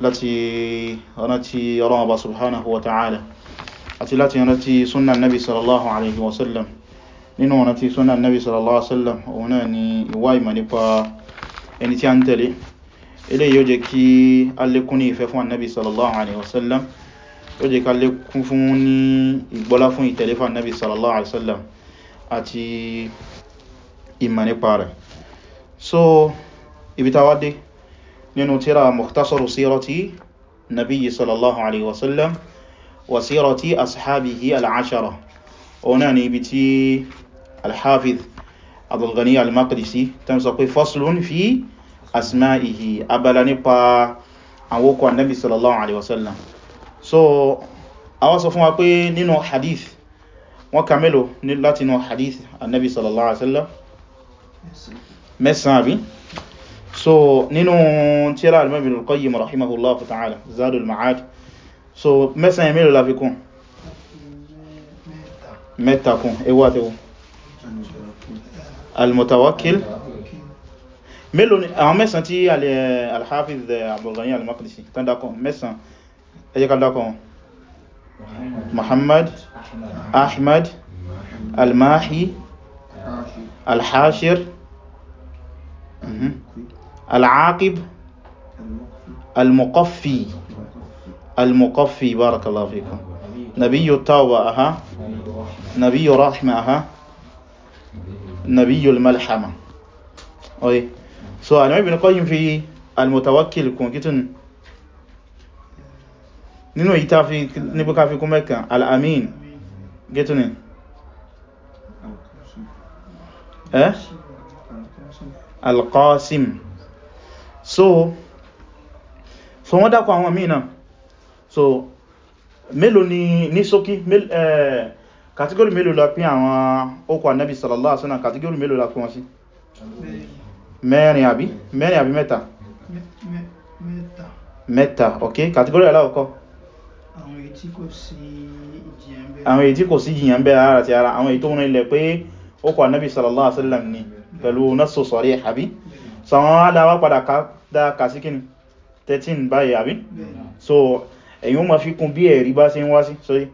láti rántí ọlọ́ọ̀bá subhanahu wa ta'ala àti láti rántí súnnà nabi sallallahu alaihi wasallam nínú rántí súnnà nabi sallallahu alaihi wasallam òun náà ni ìwá ìmọ̀ nípa ẹni tí a ń tẹ̀lé ilé yóò jẹ́ kí alékún ní ìfẹ́ fún annabi sallallahu alaihi wasallam yóò jẹ́ kí alékún fún ní ìgbọ́lá so ibi ta wá dé nínú tírà mukhtasaru sírati nabiyyi sallallahu alaihi wasallam wa sírati ashabihi al'ashara ọ̀nà ni ibi tí alhafiz abdulghani al-maqdisi tán sọ pé faslun fi asma'ihi abala nípa àwọn okò annabi sallallahu alaihi wasallam so àwọn sọ fún wa pé nínú hadith wọ́n ka mélòó láti nínú hadith annabi sallallahu alaihi wasallam mẹ́sàn-án so nínú tírà Imam Ibn al-Qayyim rahimahullahu ta'ala Zadul Ma'ad so mẹ́sàn-án mélòó la fi kún mẹ́ta kún ewu àtẹwò al-Mutawakkil mélòó ni àwọn mẹ́sàn tí eh, al-Hafiz eh, Abdul Ghani al-Maqdisi tán dákọ̀ mẹ́sàn ẹ jẹ́ ká dákọ̀ wọn Muhammad Ahmad al-Mahi al-Hashir mm العاقب المقفي المقفي بارك الله فيكم نبي التوبة أها نبي الرحمة أها نبي الملحمة أي سو أنا أبي نقيم في المتوكل كون كتن نينو ìta fi níbí ká fi kún mẹ́kàn al'amin gẹ́tùnì so so wọ́n dákọ̀ àwọn míì náà so mélòó ni mel, ṣókí kàtígórì melo la pín àwọn okò annabi sallallahu alaihi wasallam kàtígórì melo la pín wọn sí mẹ́rin àbí mẹ́rin àbí meta, mẹ́ta ok kàtígórì aláwọ̀kọ́ àwọn èyí tí kò sí àwọn èyí tí kò sí jìyàn bẹ́ ara ti ara àwọn èyí tó rìn ilẹ̀ pé okò sallallahu alaihi wasallam ni pẹ̀lú nasso sọ̀rí àbí sọ àwọn aláwọ̀ padà dáka sí kíni 13 báyìí àbí so ẹ̀yin ó ma fi kún bí ẹ̀rí bá ṣe ń wá sí sóyí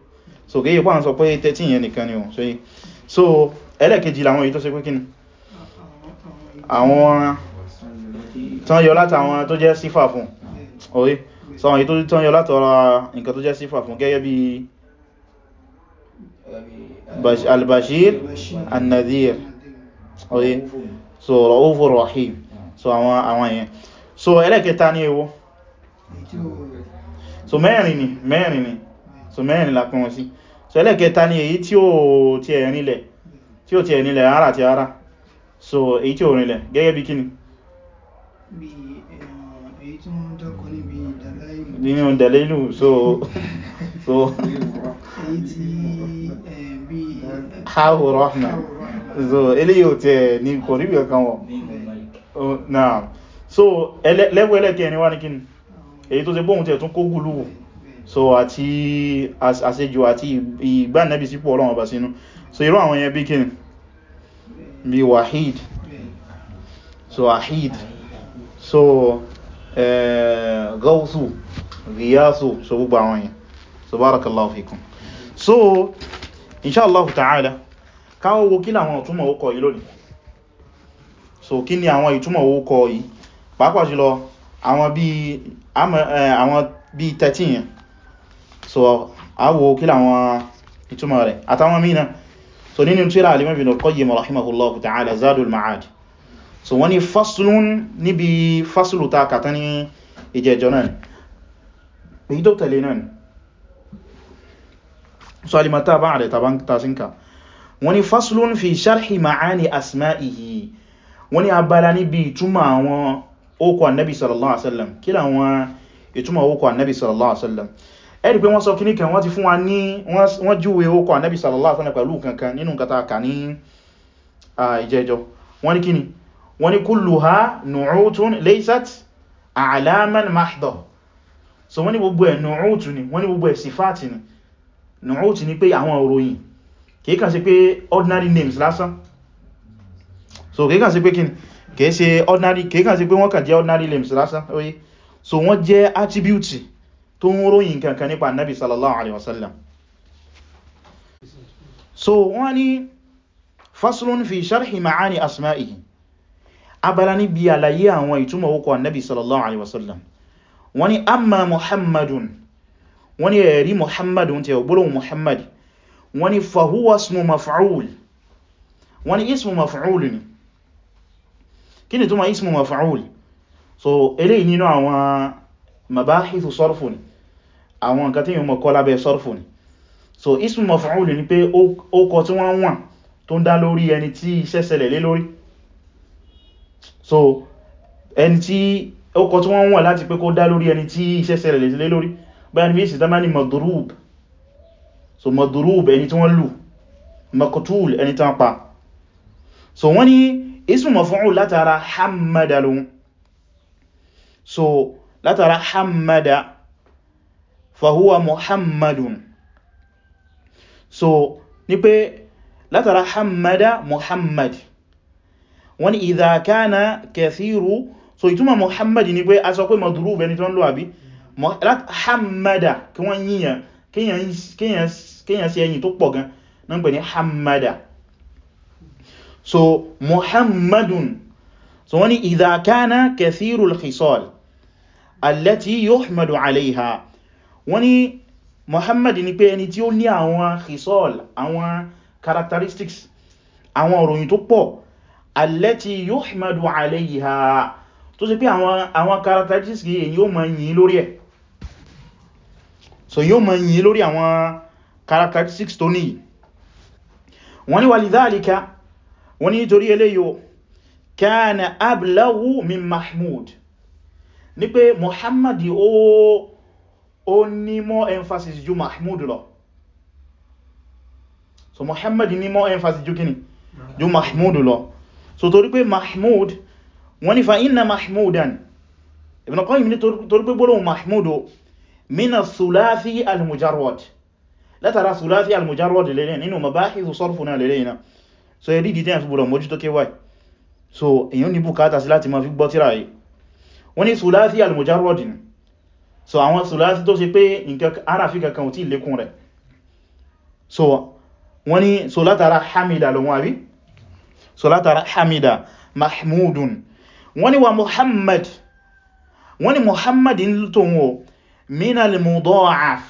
so kéyí pàà sọ pé 13 yẹn nìkan ni o sóyí so ẹlẹ́kejì làwọn èyí tó ṣe pé kíni àwọn tán yọ láti àwọn tó jẹ́ sífà so àwọn èyí tó tán yọ láti ọ̀rọ̀ nǹkan tó jẹ́ sífà fún gẹ́gẹ́ so ra'ufur rahim so àwọn àwọn so ẹlẹ́kẹta ní èwo so mẹ́rin ni mẹ́rin ni so mẹ́rin lápín wọn sí so ẹlẹ́kẹta ní èyí tí ó ti ẹ̀ nílẹ̀ tí ó ti ẹ̀ nílẹ̀ ara ti ara so èyí tí ó nílẹ̀ gẹ́gẹ́ bí kíni eh, nínú dalilu so so eh, hawo rahma so eléyìí ò tẹ̀ ní kò rí bí ọkàn wọ̀ náà so level ẹlẹ́kẹ́ ni wá ní kíni èyí tó ṣe bóhun tẹ̀ tún kó gúlúwò so àti àṣejù àti ìgbànẹ́bì sípò ọlọ́run ọba sínú so irú àwọn yẹn bí kíni bí wahid so ahid so gausu riyasu so gbogbo àwọn yẹn so barakallahu fikum so inshallah ta'ala káwọ́ wo kí ni àwọn ìtumọ̀ ó kọ so kini ni àwọn ìtumọ̀ ó kọ pàápàá jùlọ àwọn bí 13 yẹn so awo kí láwọn ìtumọ̀ rẹ̀ àtàwọn mìíràn so nínú tíra Al-Imam Ibn Qayyim rahimahullahu ta'ala Zadul Ma'ad so wọ́n ní faslun níbi faslu ta kàtà ní ìjẹjọ náà èyí tó náà so alimata bá rẹ̀ tàbátàsínká wọ́n ní faslun fi sharhi ma'ani asma'ihi wọ́n ní abala níbi ìtumọ̀ àwọn ókò annabi sallallahu alaihi wasallam kí làwọn ìtumọ̀ ókò annabi sallallahu alaihi wasallam ẹ̀rì pé wọ́n sọ kíní kan wọ́n ti fún wa ní wọ́n júwe ókò annabi sallallahu alaihi wasallam pẹ̀lú kankan nínú nǹkan ta kà ní ìjẹjọ wọ́n ní kíní wọ́n ní kulluha nu'utun laysat a'laman mahdha so wọ́n ní gbogbo ẹ̀ nu'utu ni wọ́n ní gbogbo ẹ̀ sifati ni nu'utu ni pé àwọn òròyìn kìí kàn sí pé ordinary names lásán so kìí kàn sí pé kíní kìí ṣe ordinary kìí kàn sí pé wọ́n kàn jẹ́ ordinary limbs lásán oye so wọ́n jẹ́ attribute tó ń ròyìn kankan nípa annabi sallallahu alaihi wasallam so wọ́n ní faslun fi sharhi ma'ani asma'ihi abala ní bí àlàyé àwọn ìtumọ̀ orúkọ annabi sallallahu alaihi wasallam wọ́n ní amma muhammadun wọ́n ní ẹ̀rí muhammadun tẹ́ ògbólóhùn muhammad wọ́n ní fahuwa ismu maf'ul wọ́n ní ismu maf'ul ni kí ni túmọ̀ ismu maf'ul so eléyìí nínú àwọn mabahithu sarfu ni àwọn nǹkan tí yíò mọ̀ kọ́ lábẹ́ sarfu ni so ismu maf'ul ni pé ó kọ tí wọ́n wọ́n tó ń dá lórí ẹni tí iṣẹ́ lé lórí so ẹni tí ó kọ tí wọ́n wọ́n láti pé kó dá lórí ẹni tí iṣẹ́ lé lórí ni bí so madrub ẹni tí wọ́n lù pa so wọ́n ismu maf'ul látara hamada lóhun so látara hamada fahuwa muhammadun so ní pé látara hamada muhammad wani idha kana kathiru so ìtumọ̀ muhammad ní pé a sọ pé madurub ẹni tó ń lọ àbí hamada kí wọ́n yíyàn kíyàn sí ẹ̀yìn tó pọ̀ gan náà pè ní hamada so muhammadun so wani idha kana kathirul khisal allati yuhmadu alaiha wani muhammad ni pé ẹni tí ó ní àwọn khisal àwọn characteristics àwọn òròyìn tó pọ̀ allati yuhmadu alaiha tó ṣe pé àwọn characteristics yìí èyí ó ma yìn lórí ẹ̀ so yóò ma yìn lórí àwọn characteristics tó ní wọ́n ni wà lidhalika wọ́n ní nítorí eléyò kana ablawu min mahmud ní pé muhammadi ó ó ní more emphasis ju mahmud lọ so muhammadi ní more emphasis ju kíni ju mahmud lọ so torí pé mahmud wọ́n ní fa inna mahmudan Ibn Qayyim ní torí pé gbólóhùn mahmud mina thulathi al látara thulathi al lẹ́lẹ́ nínú mabahithu sarfuna lẹ́lẹ́ náà so ẹ rídìí tẹ́yàn fi gbọ́dọ̀ mójútó kéwàí so èyàn ní bùkátà sí láti ma fi gbọ́ tíra yìí wọ́n ní almujarrodin so àwọn sùláfí tó ṣe pé aráfí kankan ò tí lékún rẹ̀ so wọ́n ní so látara hamida lọ wọ́n àbí so látara hamida mahmudun wọ́n ní wa muhammad wọ́n ní muhammad ń tó wọ́n minal mudọ́af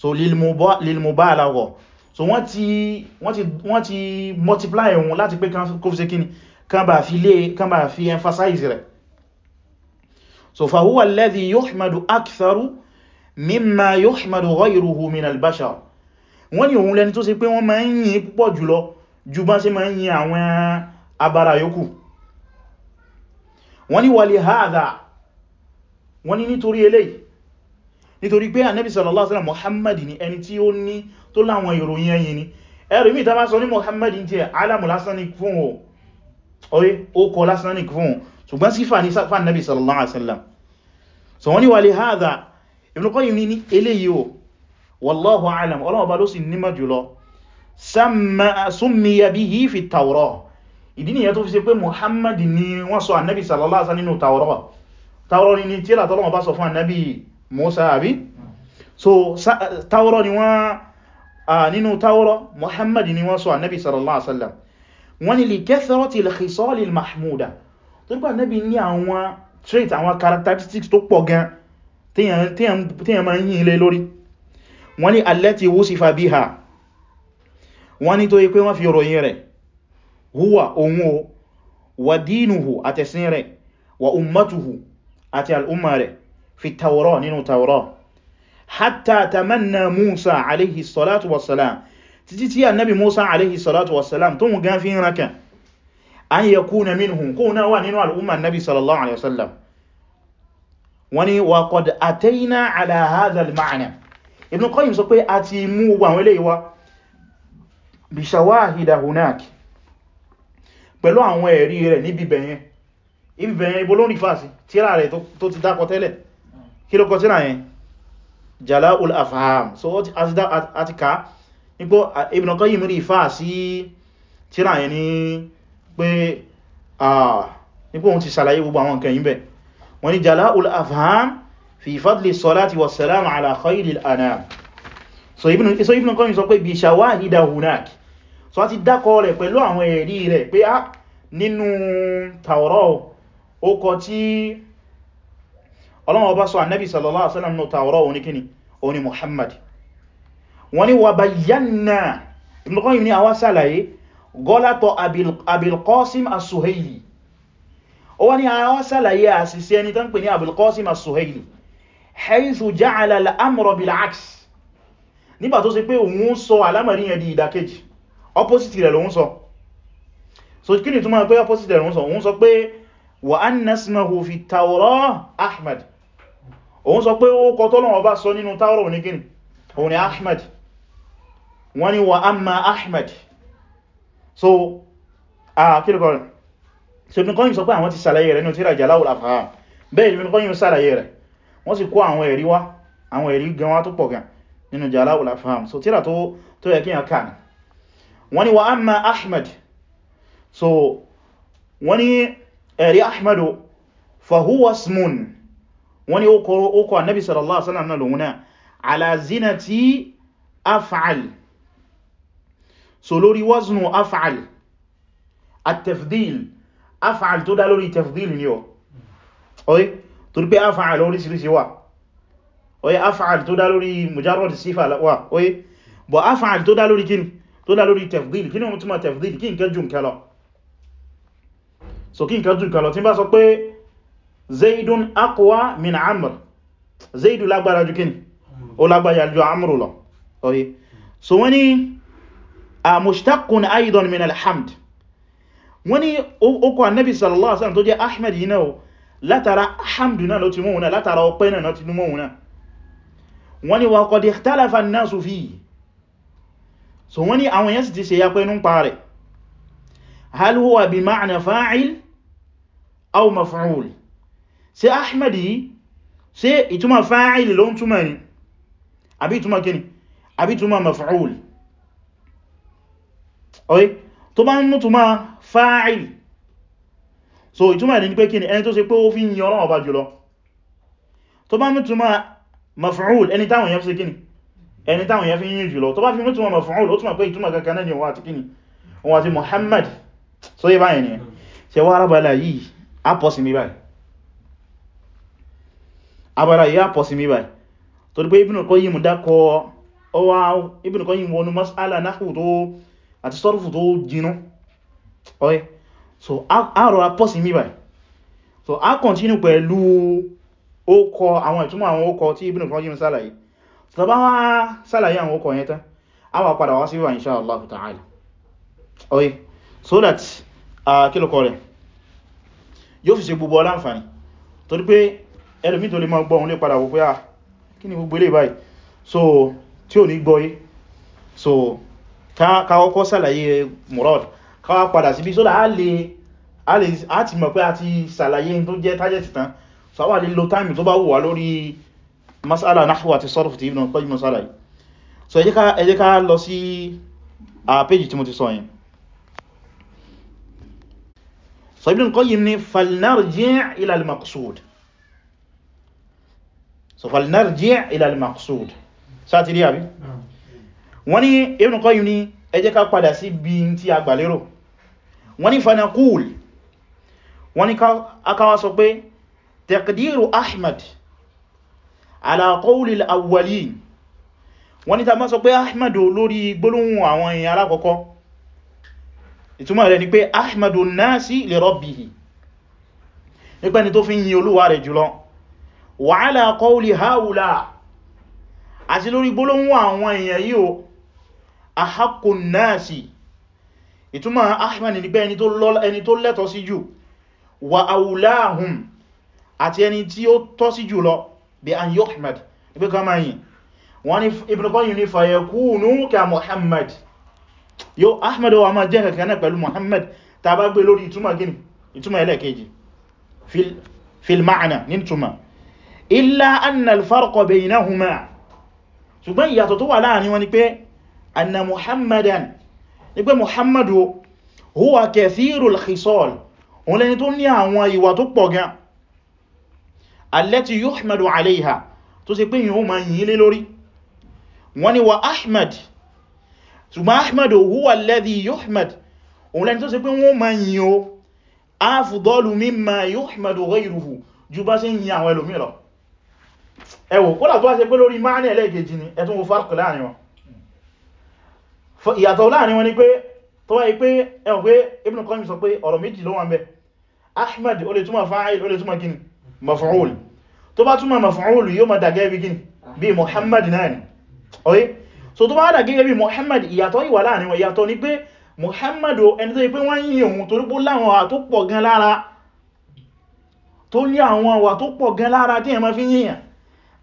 so lil mubalagha so wọ́n ti wọ́n ti wọ́n ti multiply wọn láti pé kó fi ṣe kíni kan bá fi lé kan bá fi emphasize rẹ̀ so fahuwa alladhi yuhmadu aktharu mimma yuhmadu ghayruhu min al-bashar wọ́n ní òun lẹni tó ṣe pé wọ́n máa ń yìn púpọ̀ jùlọ ju bá ṣe máa ń yìn àwọn abara yòókù wọ́n ní wa li hadha wọ́n ní nítorí eléyìí nítorí pé ànábì sallallahu alaihi wasallam Muhammad ni ẹni tí ó ní tó láwọn ìròyìn ẹ̀yìn ni ẹ̀rùmí ìta bá sọ ní Muhammad ti ẹ̀ alamu lásán ní fún o oye ó kọ lásán ní fún o ṣùgbọ́n sífà ní sáfà ànábì sallallahu alaihi wasallam so wọ́n ni wà lè hadha Ibn Qayyim ní eléyìí o wallahu alam ọlọ́wọ́ bá ló sì nímọ̀ jùlọ summiya bihi fi Tawrah ìdí ni tí ìlà bá sọ fún ànábì Musa àbí so taurọ ni wọ́n a nínú taurọ Muhammad ni wọ́n sọ annabi sallallahu alaihi wasallam wọ́n ni li kathrati al-khisal al-mahmuda tó nípa annabi ní àwọn trait àwọn characteristics tó pọ̀ gan tíyàn ma yìn ilé lórí wọ́n ni allati wusifa biha wọ́n ni tó yí pé wọ́n fi ròyìn rẹ̀ huwa ohun o wa dinuhu àtẹ̀sìn rẹ̀ wa ummatuhu àti al'umma rẹ̀ fi tawrah nínú tawrah hatta tamanna musa alayhi salatu wassalam títí tí annabi musa alayhi salatu wassalam tó mú gan fi raka an yakuna minhum kó náà wà nínú al'umma annabi sallallahu alayhi wasallam wani wa qad atayna ala hadha al-ma'na ibn qayyim sọ pé a ti mú gbogbo àwọn eléyìí wá bi shawahida hunak pẹ̀lú àwọn ẹ̀rí rẹ̀ níbi bẹ̀yẹn ibi bẹ̀yẹn ibo lórí fásí tíra rẹ̀ tó ti dákọ tẹ́lẹ̀ kí ló kọ tírà yẹn jala'ul afham so what as that atika nípo Ibn Qayyim rí ìfà sí tírà yẹn ní pé nípo òun ti sàlàyé gbogbo àwọn nǹkan yìí bẹ̀ wọ́n ní jala'ul afham fi fadli salati wa salam ala khayril anam so Ibn so Ibn Qayyim sọ pé bi shawahida hunak so a ti dákọ rẹ̀ pẹ̀lú àwọn ẹ̀rí rẹ̀ pé a ah, nínú Tawrah ó kọ tí ọlọ́wọ́ bá sọ annabi sallallahu alaihi wasallam nù tàwọ́rọ̀ òní kíni òní muhammad wọ́n ni wà bayyana nǹkan yìí ni a wá sàlàyé gọ́látọ̀ abilqasim as-suhaili ó wá ní a wá sàlàyé àṣìṣẹ́ ẹni tán pè ní abilqasim as-suhaili haythu ja'ala al-amra bil-aks nígbà tó sì pé òun sọ alámàrí yẹn di ìdàkejì wa anna fi tawrah ahmad òun sọ pé ó kọ tọ́lọ́wọ́ bá sọ nínú táwọ́rọ̀ ní gini ni ahmed wọ́n ni wa amma ahmed so a kílùkọ́ rẹ̀ so Ibn Qayyim sọ pé àwọn ti sàlàyé rẹ̀ ní tíra Jala'ul Afham bẹ́ẹ̀ Ibn Qayyim sàlàyé rẹ̀ wọ́n sì kó àwọn ẹ̀rí gan wá tó pọ̀ gan nínú Jala'ul Afham so tíra tó tó yẹ kí yàn kàn wọ́n ni wa amma ahmed so wọ́n ni ẹ̀rí ahmedu fahuwa wọ́n ní ó kọ annabi sallallahu alaihi wasallam náà lòun náà ala zinati af'al so lórí waznu af'al at-tafdil af'al tó dá lórí tafdil ni ọ oye torí pé af'al oríṣiríṣi wà oye af'al tó dá lórí mujarrad sifa wà oye bọ̀ af'al tó dá lórí kíni tó dá lórí tafdil kíni wọ́n túnmọ̀ tafdil kí n kẹ́ zaidun aqwa min amr zaidu lágbára jù kíni ó lágbára jù amru lọ oye so wani a mushtaqun aidan min alhamd wani okò annabi sallallahu alaihi wasallam tó jẹ́ ahmed yìí náà látara hamdu náà ló ti mọ́ wùnà látara ọpẹ́ náà ti mọ́ wùnà wani wa qad ikhtalafa an-nasu fihi so wani àwọn yẹn ti ṣe ya pẹ́ nípa hal huwa bi ma'na fa'il aw maf'ul ṣé ahmed yìí ṣé ìtumọ̀ fa'il ló ń túmọ̀ ni àbí ìtumọ̀ kíni àbí ìtumọ̀ maf'ul oye tó bá ń mú fa'il so ìtumọ̀ ní pé kíni ẹni tó ṣe pé ó fi ń yìn Ọlọ́run Ọba jùlọ tó bá mú túmọ̀ maf'ul ẹni táwọn yẹn fi ṣe kíni ẹni táwọn yẹn fi ń yìn jùlọ tó bá fi mú túmọ̀ maf'ul ó túmọ̀ pé ìtumọ̀ kankan ni òun àti kíni òun àti Muhammad so yí báyìí ni ṣe wá arábàlá yìí á pọ̀ mi báyìí abara yìí àpọ̀ sí mi báyìí torí pé Ibn Qayyim dákọ ọwá Ibn Qayyim wọnú mas'ala nahwu tó àti sọ́rùfù tó jinú ọ̀yẹ́ so a rọra pọ̀ sí mi báyìí so a kọ̀ntínú pẹ̀lú ókọ àwọn ìtumọ̀ àwọn ókọ tí Ibn Qayyim sálàyé tàbá wá sálàyé àwọn ókọ yẹn tán a wà padà wá sí wà insha Allah ta'ala ọ̀yẹ́ so that a kílùkọ rẹ̀ yóò fi ṣe gbogbo ọlá ẹlòmí tó lè máa gbọ́ òun lè padà wò pé à ah, kí ni gbogbo eléyìí báyìí so tí ò ní gbọ́ yé so ká kọ́kọ́ ṣàlàyé murad ká wá padà síbí sódà á lè á ti mọ̀ pé a ti ṣàlàyé tó jẹ́ tájẹ̀tì tán so àwa lè lo táìmì tó bá wù wá lórí masala nahwu àti sarf ti ibn qayyim masala yìí so ẹ jẹ́ ká lọ sí a péjì tí mo ti sọ yẹn so ibn qayyim ni falnarji' ila al-maqsud so falnarji' ila al-maqsud sátìrí àbí wọ́n ní Ibn Qayyim ní ẹ jẹ́ ká padà sí bí tí a gbàlérò wọ́n ní fanakul wọ́n ní akáwà sọ pé taqdiru Ahmad ala qawli al-awwalin wọ́n ní ta má sọ pé Ahmad lórí gbólóhùn àwọn èèyàn alákọ̀ọ́kọ́ ìtumọ̀ rẹ̀ ni pé Ahmadu nasi li rabbihi nípa ni tó fi yin Olúwa rẹ̀ jùlọ wa ala qawli haula àti lórí gbólóhùn àwọn èèyàn yìí o ahaqqu nasi ìtumọ̀ ahman ní pé ẹni tó lẹ́tọ̀ sí jù wa aulahum àti ẹni tí ó tọ́ sí jù lọ bí an yuhmad ní kama yìí wọ́n ni Ibn Qayyim ní fayakunu ka Muhammad yóò ahmad wa ma jẹ́ kẹkẹ náà pẹ̀lú Muhammad ta bá gbé lórí ìtumọ̀ gini ìtumọ̀ ẹlẹ́kejì fil ma'ana ní illa anna alfarqa baynahuma ṣùgbọ́n ìyàtọ̀ tó wà láàrin wọn ni pé anna muhammadan ni pé muhammadu huwa kathirul khisal òun lẹni tó ní àwọn ìwà tó pọ̀ gan allati yuhmadu alaiha tó ṣe pé yìí ó ma yìí lé lórí wọ́n ni wa ahmad ṣùgbọ́n ahmad huwa alladhi yuhmad òun lẹni tó ṣe pé wọ́n ma yìí ó afdalu mimma yuhmadu ghayruhu ju bá ṣe yìí àwọn ẹlòmíràn ẹwọ̀ kódà tó wá ṣe pé lórí máa ní ẹlẹ́gẹ̀ẹ́jì ni ẹ̀tún wo fárkù láàrin wọn ìyàtọ̀ láàrin wọn ni pé tó wáyé pé ẹwọ̀n pé Ibn Qayyim sọ pé ọ̀rọ̀ méjì ló wà ń bẹ Ahmad ó lè túmọ̀ fa'il ó lè túmọ̀ gini maf'ul tó bá túmọ̀ maf'ul yóò ma dàgẹ́ bí gini bí Muhammad náà ni oye so tó bá dàgẹ́ bí Muhammad ìyàtọ̀ ìwà láàrin wọn ìyàtọ̀ ni pé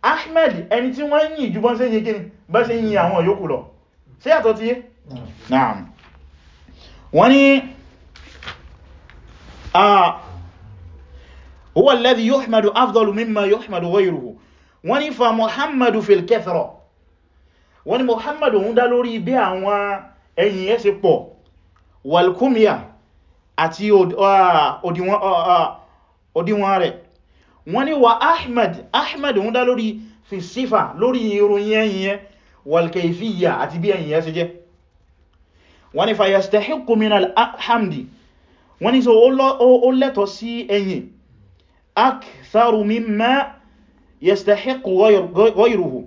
ahmed ẹni tí wọ́n yìn jù bọ́n sí yìí kíni bọ́ sí yìn àwọn yòókù lọ sí àtọ́ tí yé naam wọ́n ni a huwa alladhi yuhmadu afdalu mimma yuhmadu ghayruhu wọ́n ni fa muhammadu fil kathra wọ́n ni muhammadu ń dá lórí bí àwọn ẹ̀yìn ẹ̀ ṣe pọ̀ walkumya àti òdíwọ̀n rẹ̀ wọ́n ni wa ahmad ahmad ń dá lórí fi sífà lórí ìròyìn ẹ̀yìn wal-kayfiyya àti bí ẹ̀yìn ẹsẹ jẹ́ wọ́n ni fayastahiqu min al-hamdi wọ́n ni so ó lẹ́tọ̀ sí ẹ̀yìn aktharu mimma yastahiqu ghayruhu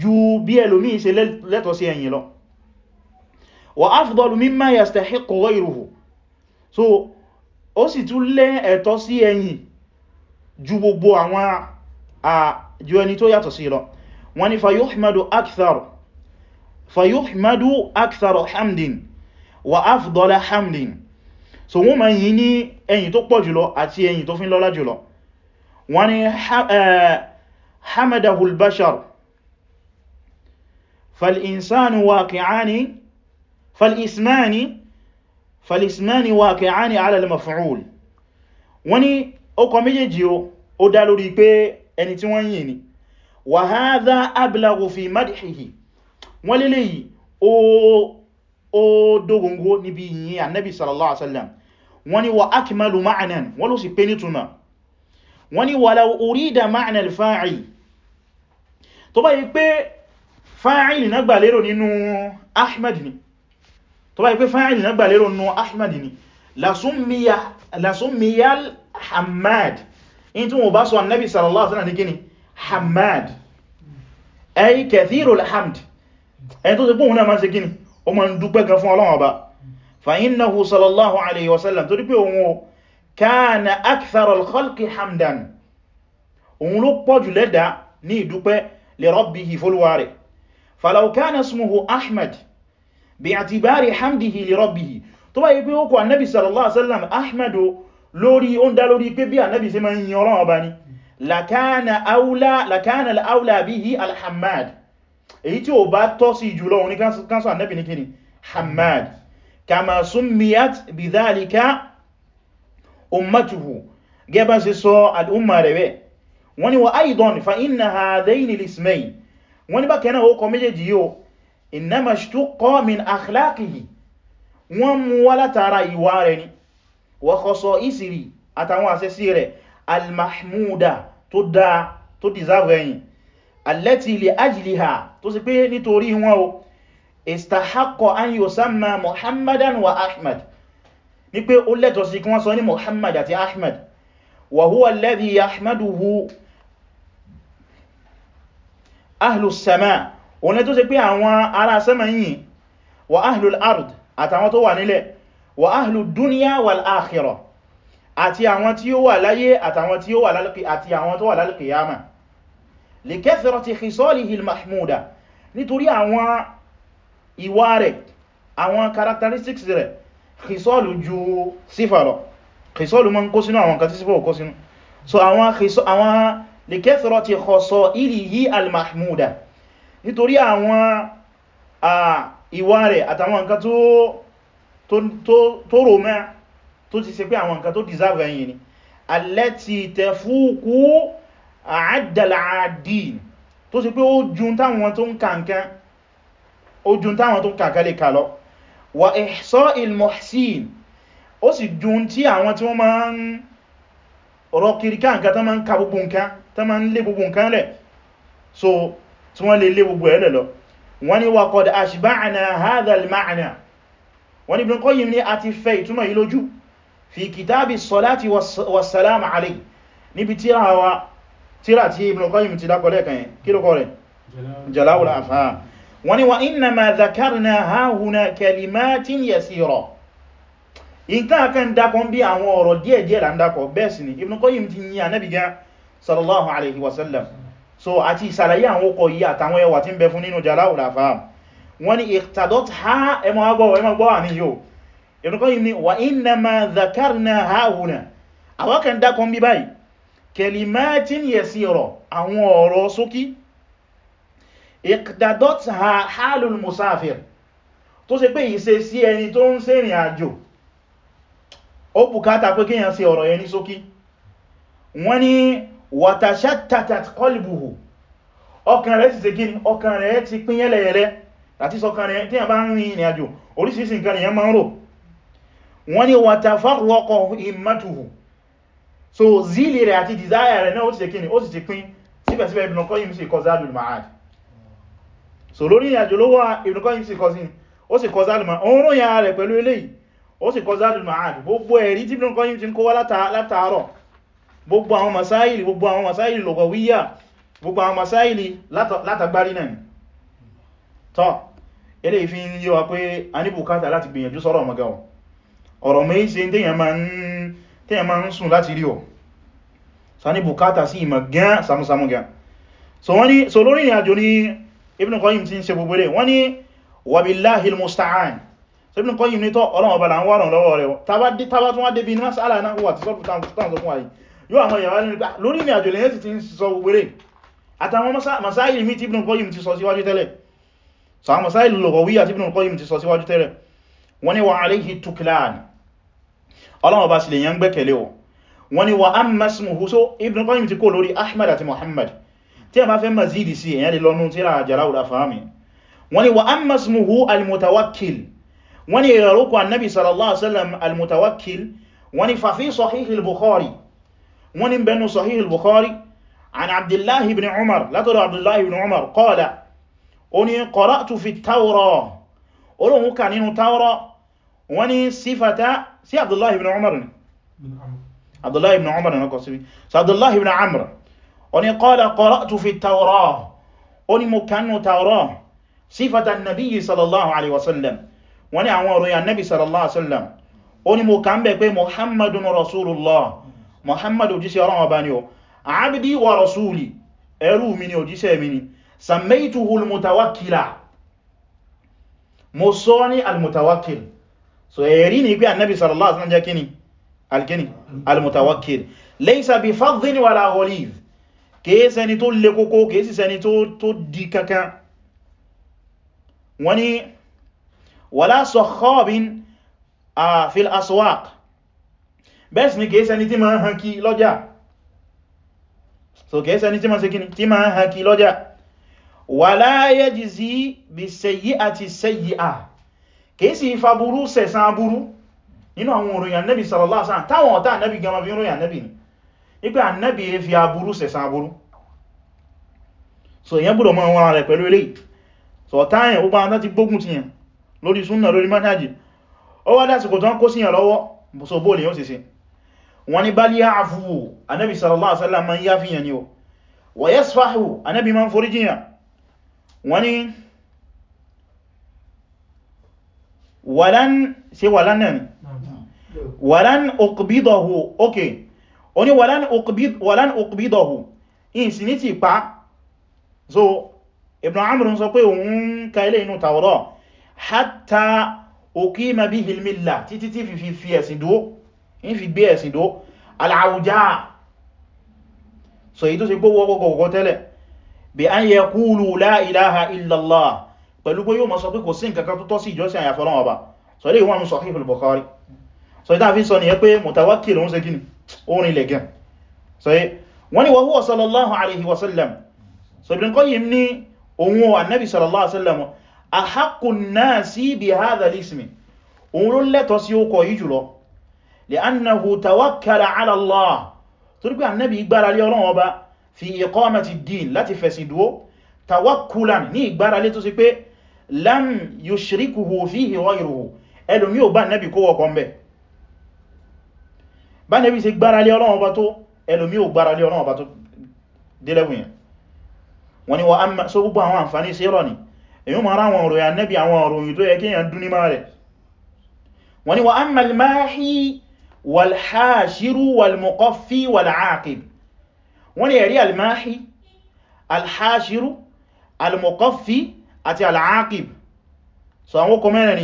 ju bí ẹlòmí ṣe lẹ́tọ̀ sí ẹ̀yìn lọ wa afdalu mimma yastahiqu ghayruhu so ó sì tún lẹ́ ẹ̀tọ́ sí ẹ̀yìn ju gbogbo àwọn ju ẹni tó yàtọ̀ sí lọ wọ́n ni fayuhmadu akthar fayuhmadu akthar hamdin wa afdala hamdin so wọ́n ma yí ní ẹ̀yìn tó pọ̀ jùlọ àti ẹ̀yìn tó fi lọ́lá jùlọ wọ́n ni hamadahul bashar فالإنسان واقعان فالإسمان فالإسمان واقعان على المفعول wọ́n ní ọkọ̀ méjèèjì o ó dá lórí pé ẹni tí wọ́n yìn ni wa hadha ablaghu fi madhihi wọ́n lélẹ̀ yìí ó dógóngó níbi yìnyìn annabi sallallahu alaihi wasallam wọ́n ni wa akmalu ma'nan wọ́n ló sì pé nítumọ̀ wọ́n ni wa law urida ma'na al-fa'il tó bá yí la summiya la hamad in tí wọ́n bá sọ annabi sallallahu alaihi wasallam ní kíni hamad ay kathirul hamd ẹni tó ti pún náà ma ṣe kíni o ma ń dúpẹ́ gan fún Ọlọ́run Ọba fa innahu sallallahu alaihi wasallam torí pé òun o kana aktharul khalqi hamdan òun ló pọ̀jù lẹ́dà ní ìdúpẹ́ li rabbihi fólúwa sallallahu alaihi wasallam ahmadu lórí ó ń dá lórí pé bí ànábì ṣe máa ń yin Ọlọ́run ọba ni lakana aula lakana al-aula bihi al-hammad èyí tí ó bá tọ́ sí jùlọ òní kánsọ ànábì ní kíni hammad kama summiyat bidhalika ummatuhu gẹ́bá sí sọ al'umma rẹ̀ bẹ́ wọ́n ni wa aidan fa inna hadhaini al-ismayn wọ́n ni bá kẹ́nà ó kọ yóò innama ishtuqqa min akhlaqihi wọ́n mú wá látara ìwà rẹ̀ ni wa khasa'isihi àtàwọn àṣẹ́sí rẹ̀ al-mahmuda tó dáa tó dìsáàfẹ́ ẹ̀yìn allati li ajliha tó sì pé nítorí wọn o istahaqqa an yusamma muhammadan wa ahmad ní pé ó lẹ́tọ̀ sí kí wọ́n sọ ní muhammad àti ahmad wa huwa wà nílẹ̀ wa ahlu dunya wal akhirah àti àwọn tí ó wà láyé àtàwọn tí ó wà lálùkì àti àwọn tó wà lálùkì yáma li kathrati khisalihi al-mahmuda nítorí àwọn ìwà rẹ̀ characteristics rẹ̀ kìsọ́lù ju sífà lọ kìsọ́lù mọ́ ń kó sínú àwọn kàtí sífà ò so àwọn lèkẹ́sọ̀rọ̀ ti kọsọ̀ ìrì yí al-mahmuda nítorí àwọn ìwà rẹ̀ àtàwọn nǹkan tó tó rò mẹ́ tó ti ṣe pé àwọn nǹkan tó deserve ẹ̀yìn ni allati tafuku àádàláàdìn tó sì pé ó jùn táwọn tó ń kàǹkà lè kà lọ wa ihsa'il muhsin ó sì jùn tí àwọn tí wọ́n ma ń rọ kìríkà nǹkan tán ma ń ka gbogbo nǹkan tán ma ń lé gbogbo nǹkan lẹ̀ so tí wọ́n lè lé gbogbo ẹ̀lẹ̀ lọ wọ́n ni wa qad ashba'na hadha al-ma'na wọ́n ní Ibn Qayyim ní a ti fẹ́ ìtumọ̀ yìí lójú fi kìtàbí sọ́láti wasalam alay níbi tíra tí Ibn Qayyim ti dákọlẹ̀ kan yẹn kí lókọ rẹ̀ jalawul afham wọ́n ní wa innama dhakarna hahuna kalimatin yasira nǹkan kan dákọ̀ bí àwọn ọ̀rọ̀ díẹ̀díẹ̀ là ń dákọ̀ bẹ́ẹ̀ ni wọ́n ni iqtadot ha ẹmọ agbọ́wọ̀ ẹmọ agbọ́wà ní yóò ìrùkọ́ yìí ni wa innama dhakarna hauna awọ́kan dákun bí báyìí kelimatin yasira àwọn ọ̀rọ̀ sókí iqtadot ha halul musafir tó ṣe pé ìṣe sí ẹni tó ń ṣe ìrìn àjò ó bùkátà pé kíyàn sí ọ̀rọ̀ ẹni sókí wọ́n ni wa tashattatat qalbuhu ọkàn rẹ̀ ti ṣe gíní ọkàn rẹ̀ ti pín yẹ́lẹ̀yẹ̀lẹ́ àti sọ̀kan rẹ̀ tí a bá ń rin ìrìn àjò orísìírísìí nǹkan èyàn máa ń rò wọ́n ni wà tàfàrọ̀kọ̀ ìmọ̀tùhù so zílì rẹ̀ àti desire rẹ̀ náà ó ti ṣe kíni ó sì ti pín síbẹ̀síbẹ̀ Ibn Qayyim sí Zadul Ma'ad so lórí ìrìn àjò ló wà Ibn Qayyim sí kọzín ó sì kọ Zadul Ma'ad òun ròyìn rẹ̀ pẹ̀lú eléyìí ó sì kọ Zadul Ma'ad gbogbo ẹ̀rí tí Ibn Qayyim ti ń kó wá látàárọ̀ gbogbo àwọn masáìlì gbogbo àwọn masáìlì lọ́gọ̀wíyà gbogbo àwọn masáìlì látàgbárí náà tán eléyìí fi ń yé wa pé a ní bùkátà láti gbìyànjú sọ́rọ̀ ọmọgá ọ̀ ọ̀rọ̀ méjì se téèyàn máa ń sùn láti rí ọ̀ sa ní bùkátà sí ìmọ̀ gán samusamu gán so wọ́n ní so lórí ìrìnàjò ní Ibn Qayyim ti ń ṣe gbogbo rẹ̀ wọ́n ní wabillahi almusta'an so Ibn Qayyim ní tọ́ ọlọ́wọ́ bala ń wárùn lọ́wọ́ rẹ̀ tàbá tún wá débi ní masala náà wà ti sọ́pù tán sọ fún àyí yóò àwọn ìyàwó nínú lórí ìrìnàjò lẹ́yìn ti ń sọ gbogbo rẹ̀ àtàwọn masáìlì mi ti so àwọn masáìlì lọ́gọ̀wíyà tí Ibn al-Qayyim ti sọ síwájú tẹ́rẹ wọ́n ni wa alayhi tuklan ọlọ́wọ́ bá sílẹ̀ yẹn gbẹ́kẹ̀lé o wọ́n ni wa amma ismuhu so Ibn wọ́n ni bẹnu sahih al-bukhari an abdullahi ibn umar látọ̀dọ̀ abdullahi ibn umar qala ó ní qara'tu fi tawra olóhun kà nínú tawra wọ́n ní sífàtà sí abdullahi ibn umar ni abdullahi ibn umar ni ọkọ̀ sí so abdullahi ibn amr ó ní qala qara'tu fi tawra ó ní mo kà nínú tawra sífàtà nabiyyi sallallahu alaihi wasallam wọ́n ní àwọn ọ̀rọ̀ ya nabi sallallahu alaihi wasallam ó ní mo sàmẹ́ìtuhu almutawakila mo sọ ní almutawakil so ẹ̀rí ni pé annabi sallallahu alaihi wasallam jẹ́ kíni alkini almutawakil laysa bí fadhin wala ghalid kìí sẹni tó lè kókó kìí sì sẹni tó di kankan wani wala sọ̀kọ́bin a fil aswaq bẹ́ẹ̀sì ni kìí sẹni tí ma ń hàn lọ́jà so kìí sẹni tí ma ń hàn lọ́jà wala yajzi bis-sayyi'ati sayyi'a kìí sí ifá burú sẹ̀sán burú nínú àwọn òròyìn annabi sallallahu alaihi wasallam táwọn ọ̀tá annabi gama bí òròyìn annabi ni nígbà annabi yẹ fi aburú sẹ̀sán burú so èyàn gbọ́dọ̀ mọ́ wọn rẹ̀ pẹ̀lú eléyìí so ọ̀tá yẹn ó bá ń láti gbógun ti yẹn lórí súnnà lórí manhajì ó wá dásìkò tó ń kó sí yẹn lọ́wọ́ so bóòlì yóò sì sí wọ́n ni bá lè àfúwò annabi sallallahu alaihi wasallam máa ń yáfíyàn ni ó wa yasfahu annabi máa ń foríjìyàn wọ́n ni wàlán náà wàlán òkùbídọ̀hù ókè o ní wàlán òkùbídọ̀hù ìsìnítì pa so ibn amr sọ pé òun ka ilé inú tàwọ́rọ̀ hatta uqima bihi al-milla títí tí fi fi ẹ̀sìn dúó in fi gbé ẹ̀sìn dúó al-awja bí an yaqulu la ilaha illallah pẹ̀lú pé yóò mọ́ sọ pé kò sí nǹkan kan tó tọ́ sí ìjọsìn àyàfi Ọlọ́run Ọba so ilé ìwọ̀n Sahih al-Bukhari so ìta fi sọ ni yẹ pé mutawakkil ń ṣe gini orin ilẹ̀ gan so wọ́n ni wa huwa sallallahu alaihi wasallam so Ibn Qayyim ni ohun o annabi sallallahu alaihi wasallam ahaqqu an-nasi sí fi iqamati din láti fẹ̀sìn dúó tawakkulan ní ìgbáralé tó sì pé lam yushrikuhu fihi ghayruhu ẹlòmí ò bá nẹ́bì kó wọ́pọ̀ mẹ́ bá nẹ́bì sí gbáralé Ọlọ́run Ọba tó ẹlòmí ò gbáralé Ọlọ́run Ọba tó wọ́n ni ẹ̀rí almahi alhashiru almokoffi àti al'aqib so àwọn okò mẹ́rin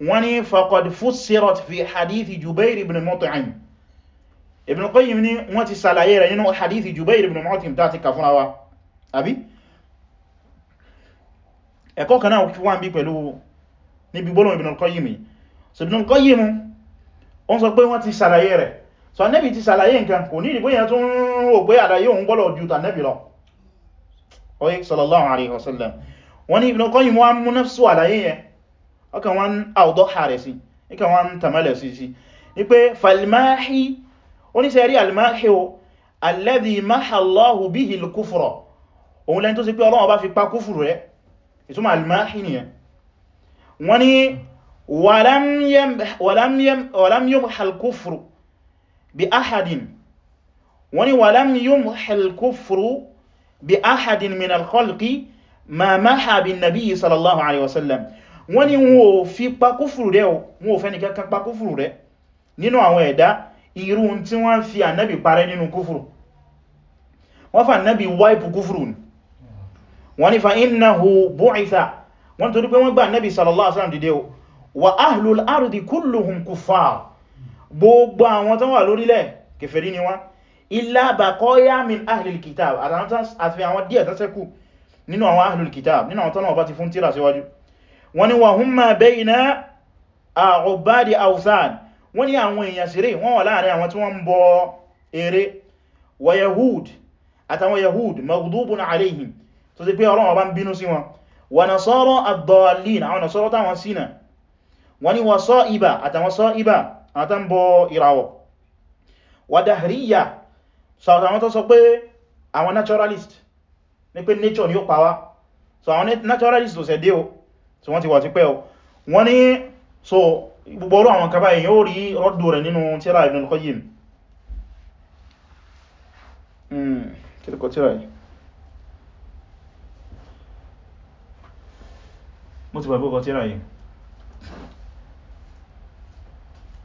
ni wọ́n ni faqad fussirat fi hadithi jubair ibn mut'im ibn qayyim ni wọ́n ti sàlàyé rẹ̀ nínú hadithi jubair ibn mut'im ta ti àbí ẹ̀kọ́ kan náà wọ́n bí pẹ̀lú níbi gbọ́lọ̀ ibn qayyim so ibn qayyim wọ́n sọ pé wọ́n ti sàlàyé rẹ̀ so anẹ́bì ti sàlàyé nǹkan kò ní ìdíbóyàn tó ń rò pé àdáyé òun gbọ́lọ̀ ju tànẹ́bì lọ oye sallallahu alaihi wasallam wani Ibn Qayyim wa mú nafsu àlàyé yẹn ọkàn wọn àwọ̀dọ́ ààrẹ sí ikan wọn tàmẹ́lẹ̀ sí sí ní pé falmahi oníṣẹ́ rí almahi o alladhi maha Allahu bihi al-kufra òun lẹ́ni tó sì pé Ọlọ́run fi pa kúfùrù rẹ̀ ìtumọ̀ almahi nìyẹn wani walam yamha al-kufru bi ahadin wọ́n ni walam yumhil kufru bi ahadin min al-khalqi ma maha bin nabi sallallahu alaihi wasallam wọ́n ni wọ́n fi pa kúfùrù rẹ̀ wọ́n fẹ́ nìkankan pa kúfùrù rẹ̀ nínú àwọn ẹ̀dá irú tí wọ́n fi ànábì parẹ́ nínú kúfùrù wọ́n fa ànábì wáìpù kúfùrù ni wọ́n ni fa innahu bu'itha wọ́n torí pé wọ́n gba ànábì sallallahu alaihi wasallam dìde wa ahlul ardi kulluhum kuffar gbogbo àwọn tó wà lórílẹ̀ kèfèrí ni wọ́n illa baqaya min ahlil kitab àti àwọn díẹ̀ tó ṣẹ́kù nínú àwọn ahlil kitab nínú àwọn tọ́nà ọba ti fún tíra síwájú wọ́n ni wa humma bayna ubadi awthan wọ́n ni àwọn èèyàn sírè wọ́n wà láàrin àwọn tí wọ́n ń bọ àtàbọ̀ ìràwọ̀ wadahriya so àwọn tó sọ pé àwọn naturalist ní pé nature ni ó pa wá so àwọn naturalist ò sẹ̀dé o so wọ́n ti wà ti pẹ́ o wọ́n ní so gbogbo àwọn kaba èyàn ó rí rọ́dù rẹ̀ nínú tírà Ibn al-Qayyim hmm, kílùkọ́ tírà yìí mo ti bàbí ọkọ̀ tírà yìí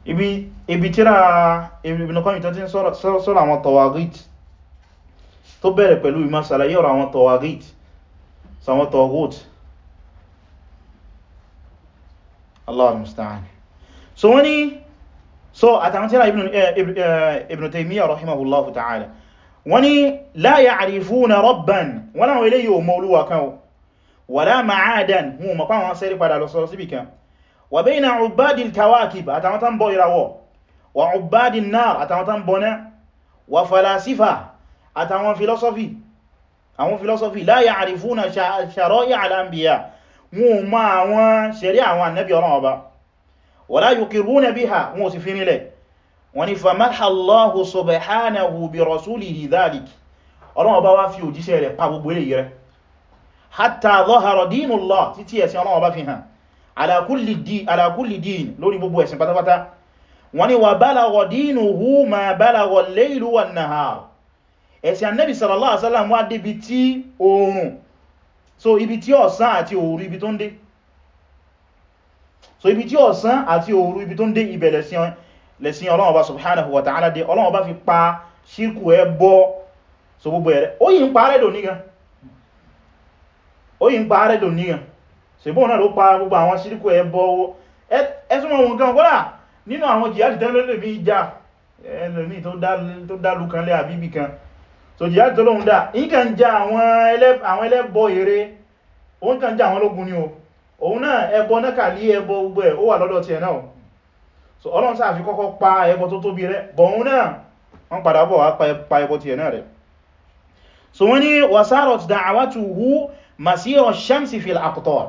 ibi ibi tíra Ibn Qayyim tó ti ń sọ́rọ̀ àwọn tawagit tó bẹ̀rẹ̀ pẹ̀lú ìmá sàlàyé ọ̀rọ̀ àwọn tawagit sàwọn tawagot Allahul musta'an so wọ́n ni so àtàwọn tíra eh, eh, Ibn Taymiyyah rahimahullahu ta'ala wọ́n ni la ya'rifuna rabban wọ́n láwọn ilé yóò mọ́ olúwa kan wala ma'adan mú mọ̀pá wọn wà bayna ubadil kawakib àtàwọn tán bọ ìràwọ̀ wà ubadil nar àtàwọn tán bọ náà wà falasifa àtàwọn filosofi àwọn filosofi la ya'rifuna shara'i' al-anbiya wọn ma àwọn ṣẹ̀rí àwọn annabi ọ̀rọ̀ ọba wala yuqirruna biha wọn sì fi nílẹ̀ wọ́n ni famahallahu subhanahu bi rasulihi dhalik ọlọ́wọ́ hatta dhahara dinullah títí ẹ̀sìn ọlọ́wọ́ bá fi hàn ala kulli di ala kulli din lórí gbogbo ẹ̀sìn pátápátá wọ́n ni wà balagha dinuhu ma balagha al-laylu wan-nahar ẹ̀sìn annabi sallallahu alaihi wasallam wá débi tí oòrùn so ibi tí ọ̀sán àti òru ibi tó ń dé so ibi tí ọ̀sán àti òru ibi tó ń dé ibẹ̀ lẹ̀sìn Ọlọ́run Ọba subhanahu wa ta'ala dé Ọlọ́run Ọba fi pa ṣírkù ẹbọ so gbogbo ẹ̀rẹ́ ó yí ń pa rẹ̀ so ìbọn náà ló pa gbogbo àwọn síríkù ẹbọ ẹsùnmọ̀ wọn gan kọ́lá nínú àwọn jihadi tẹ́lẹ̀lẹ́bí ìjà ẹlẹ́mí tó dálù kan lé àbíbì kan so jihadi tó lóhun dá ìkà ń já àwọn ẹlẹ́bọ èrè òun kà ń já àwọn ológun ni o òun náà ẹbọ náà kàlí ẹbọ gbogbo ẹ̀ ó wà lọ́dọ̀ ti ẹ̀ náà so ọlọ́run sáà fi kọ́kọ́ pa ẹbọ tó tóbi rẹ̀ bọ̀ òun náà so wọ́n ni wasarot da'awatuhu masiro shamsi fil aqtar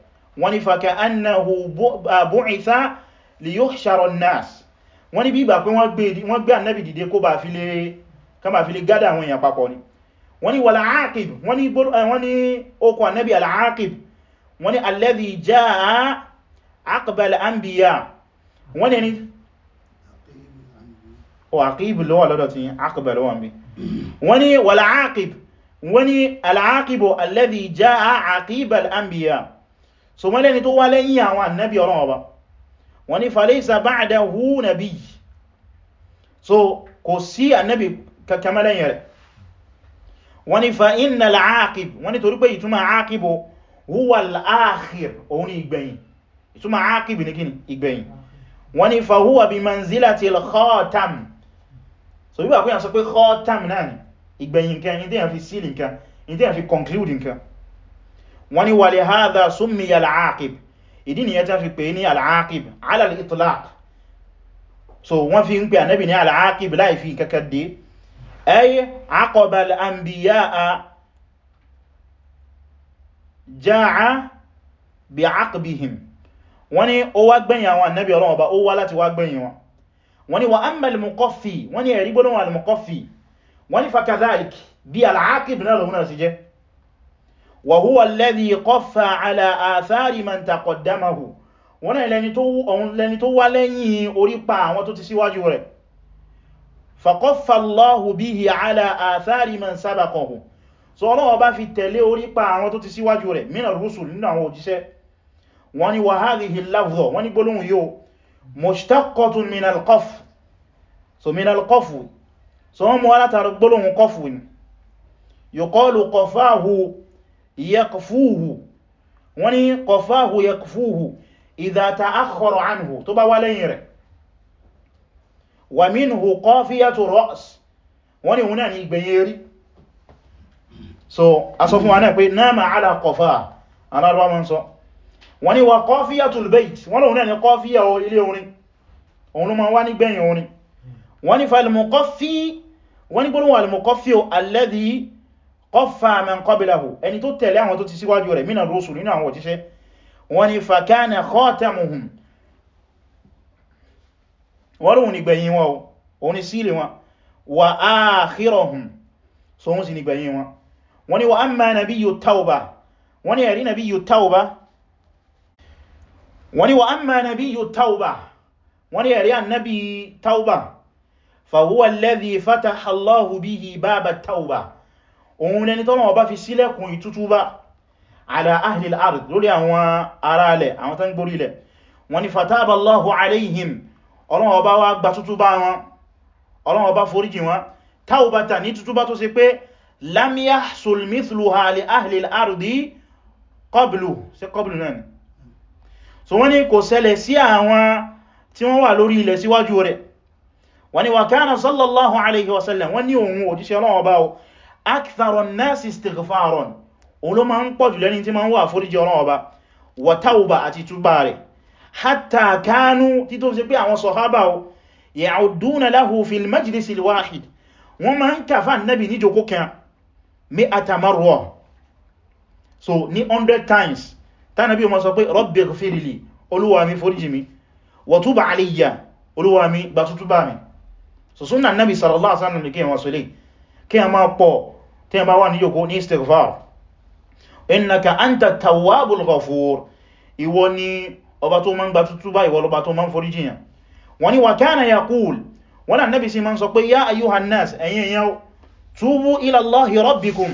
wọ́n ní faka annahu bu'itha li yuhshara an-nas wọ́n ní bí ìgbà pé wọ́n gbé annabi dìde kó bá fi lè gádà àwọn èèyàn papọ̀ ni wọ́n ní wal-aaqib wọ́n ní okùn annabi al-aaqib wọ́n ní alladhi jaa aqbal anbiya wọ́n ní aqib lọ́wọ́ lọ́dọ̀ tí aqbal lọ́wọ́ mi wọ́n ní wal so wọ́n lẹ́ni tó wá lẹ́yìn àwọn annabi ọ̀rọ̀ ọba wọ́n ni falaysa ba'dahu nabiy so kò sí annabi kankan lẹ́yìn rẹ̀ wọ́n ni fa innal aaqib wọ́n ni torí pé ìtumọ̀ aaqib huwa al òun ni ìgbẹ̀yìn ìtumọ̀ aaqib ní kíni ìgbẹ̀yìn wọ́n ni fa huwa bi manzilati al-khatam so yíwa kúyà sọ pé khatam náà ni ìgbẹ̀yìn nǹkan ìdíyàn fi seal nǹkan ìdíyàn fi conclude nǹkan wọ́n ni wàlẹ̀ hadha summiya al-aaqib ìdí nìyẹn tí wọ́n fi pè ní al-aaqib itlaq so wọ́n fi ń pè ànábì ní al-aaqib láì fi kẹ́kẹ́ dé ay aqaba al-anbiya'a ja'a bi'aqbihim wọ́n ni ó wá gbẹ̀yìn àwọn ànábì Ọlọ́run Ọba ó wá láti wá gbẹ̀yìn wọn wọ́n ni wa amma وهو الذي قف على آثار من تقدمه wọ́n náà lẹni tó wá lẹ́yìn orípa àwọn tó ti síwájú rẹ̀ فقف الله به على آثار من سبقه so Ọlọ́hun bá fi tẹ̀lé orípa àwọn tó ti síwájú rẹ̀ من الرسل nínú àwọn òjíṣẹ́ وهذه اللفظة wọ́n ni مشتقة من القف so من القف so wọ́n mú alátàrí gbólóhùn قف ni yaqfuhu wọ́n ni qafahu yaqfuhu idha ta'akhkhara anhu tó bá wá lẹ́yìn rẹ̀ wa minhu qafiyatu ra's wọ́n ni wọ́n ni ìgbẹ̀yẹ̀ rí so a sọ fún wa náà pé nama ala qafa ara alba ma ń sọ wọ́n ni wa qafiyatul bayt wọ́n lòun náà ni qafiya ilé orin òun ló qaffa man qablahu ẹni tó tẹ̀lé àwọn tó ti síwájú rẹ̀ mina rusul nínú àwọn òjíṣẹ́ wọ́n ni fa kana khatamuhum wọ́n lóhun nígbẹ̀yìn wọn òun ni sílẹ̀ wọn wa akhiruhum so wọ́n sì nígbẹ̀yìn wọn wọ́n ni wa amma nabiyyu tawba wọ́n ni ẹ̀rí nabiyyu tawba fa huwa alladhi fataha Allahu bihi baba tawba òun lẹni tọ́lọ́wọ́ bá fi sílẹ̀kùn ìtútù bá ala ahli al-ard lórí àwọn ará ilẹ̀ àwọn tán gborí ilẹ̀ wọ́n ni fataba Allahu alayhim ọlọ́wọ́ bá wá gba tútù bá wọn ọlọ́wọ́ bá foríjì wọn taubata ní tútù bá tó ṣe pé lam yahsul mithluha wa kana sallallahu alayhi wa sallam wọ́n ni òun ọlọ́wọ́ bá aktharun nasi istighfaron òun ló máa ń pọ̀jù lẹ́ni tí máa ń wà àforíjì Ọlọ́run Ọba wa tauba àti túbà rẹ̀ hatta kanu tí tó ṣe pé àwọn sọ̀hábà o ya'udduna lahu fil majlisil wahid wọ́n máa ń kàfà nẹ́bì ní jòkó kan mi àtàmàrọ̀ so ní 100 times tánàbí ọmọ sọ pé rabbi ghfirli olúwa mi foríjì mi wa tub alayya olúwa mi gbà tútúbà mi so súnnà nẹ́bì sallallahu alaihi wasallam kí a máa pọ̀ tí a máa wà ní yòkó ní istighfar innaka anta tawwabul ghafur ìwọ ni ọba tó máa ń gba tútúbá ìwọ lọba tó máa ń foríjìyàn wọ́n ni wa kana yaqul wọ́n na nabi sí máa ń sọ pé ya ayyuhan nas ẹ̀yin èyàn tubu ila Allahi rabbikum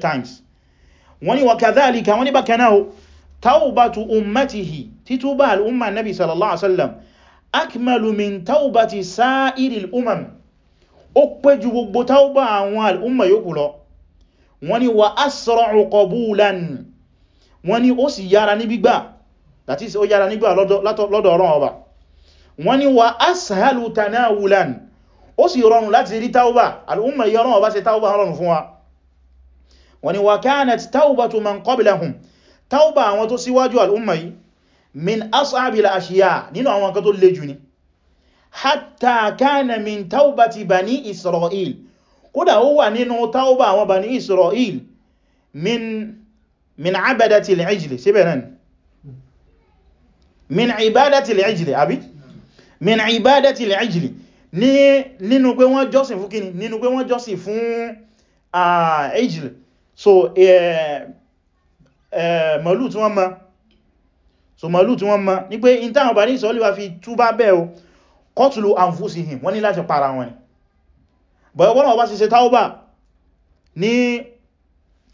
times wọ́n ni wa kadhalika wọ́n ni bákan náà taubatu ummatihi tituba al'umma nabi sallallahu alaihi wasallam akmalu min taubati sa'iri al'umam ó pé ju gbogbo tauba àwọn al'umma yòókù lọ wọ́n ní wa asra'u qabulan wọ́n ní ó sì yára ní gbígbà that is ó yára ní gbígbà lọ́dọ̀ ọ̀rọ̀ ọba wọ́n ní wa ashalu tanawulan ó sì rọrùn láti rí tauba al'umma yọrọ̀ ọba ṣe tauba rọrùn fún wa wọ́n wa kanat taubatu man qablahum tauba àwọn tó síwájú al'umma yìí min asabil ashiya nínú àwọn kan tó le jù ni hatta kana min taubati bani isra'il kódà ó wà nínú tauba àwọn bani isra'il min min abadati al'ijli síbẹ̀ nan min ibadati al'ijli àbí min ibadati al'ijli ní nínú pé wọ́n jọ́sìn fún kíni nínú pé wọ́n jọ́sìn fún ah ijli so eh Eh, màálù tí wọ́n ma so màálù tí wọ́n ma ní pé in táwọn bá ní ìsọ́líwá fi túbá bẹ́ o kọtùlù anfusihim wọ́n ní láti para wọn ni bọ̀yọ̀ wọ́n bá sì ṣe taubá ní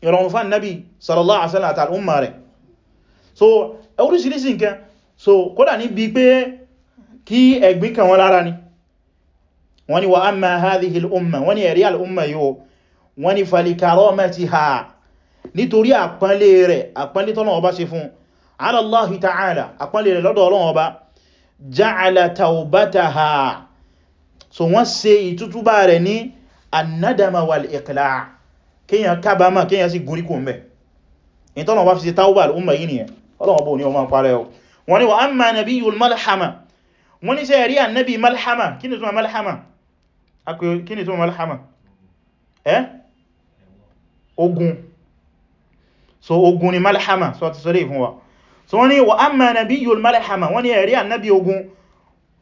ìrọ̀rùn fún Nabi sallallahu alaihi wasallam àtàl umma rẹ̀ so oríṣiríṣi nǹkan so kódà ní bí pé kí ẹ̀gbin kan wọn lára ni wọ́n ni wa amma hadhihi al-umma wọ́n ni ẹ̀rí al-umma yóò wọ́n ni nítorí àpánlé rẹ̀ àpánlé tọ́lọ́wọ́ bá ṣe fún ala Allahi ta'ala àpánlé rẹ̀ lọ́dọ̀ Ọlọ́run Ọba ja'ala taubataha so wọ́n ṣe ìtútúbà rẹ̀ ní annadama wal iqla kíyàn kábàmà kíyàn sí gúrí kò mẹ́ ìtọ́lọ́wọ́ bá fi ṣe taubà al'umma yìí nìyẹn Ọlọ́run Ọba ò ní ọmọ parẹ́ ọ wọ́n ni wa amma ogun so ogun ni malhama so ti sọ́lé ìfún wa so wọ́n ni wa amma nabiyyul malhama wọ́n ni annabi ogun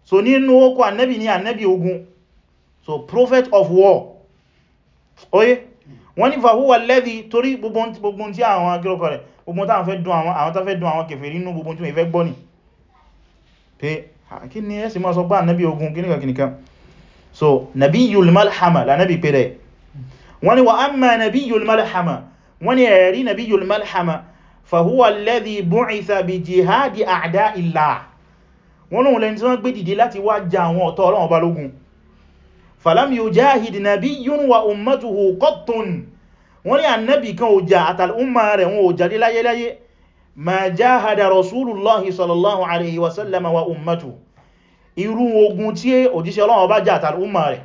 so nínú okò annabi ni annabi ogun so prophet of war oye wọ́n ni fahuwa alladhi torí gbogbo tí àwọn akẹ́lọ́kọ̀ rẹ̀ gbogbo táwọn fẹ́ dùn àwọn tafẹ́ dùn àwọn kèfèrí nínú gbogbo tí wọ́n fẹ́ gbọ́ ni pé kí ni ẹ́sì máa sọ pé annabi ogun kíníkà kíníkà so nabiyyul malhama la nabi pẹ̀rẹ̀ wọ́n wa amma nabiyyul malhama wọ́n ní ẹ̀rí nabiyul malhama fahuwa alladhi bu'itha bi jihadi a'da illah wọ́n lóhun lẹni tí wọ́n gbé dìde láti wá ja àwọn ọ̀tọ́ Ọlọ́run ọba lógun falam yujahid nabiyyun wa ummatuhu qattun wọ́n ní annabi kan ò jà àtàlùmà rẹ̀ wọn ò jáde láyéláyé ma jahada rasulullahi sallallahu alaihi wasallama wa ummatuhu irú ogun tí òjíṣẹ́ Ọlọ́run ọba jà àtàlùmà rẹ̀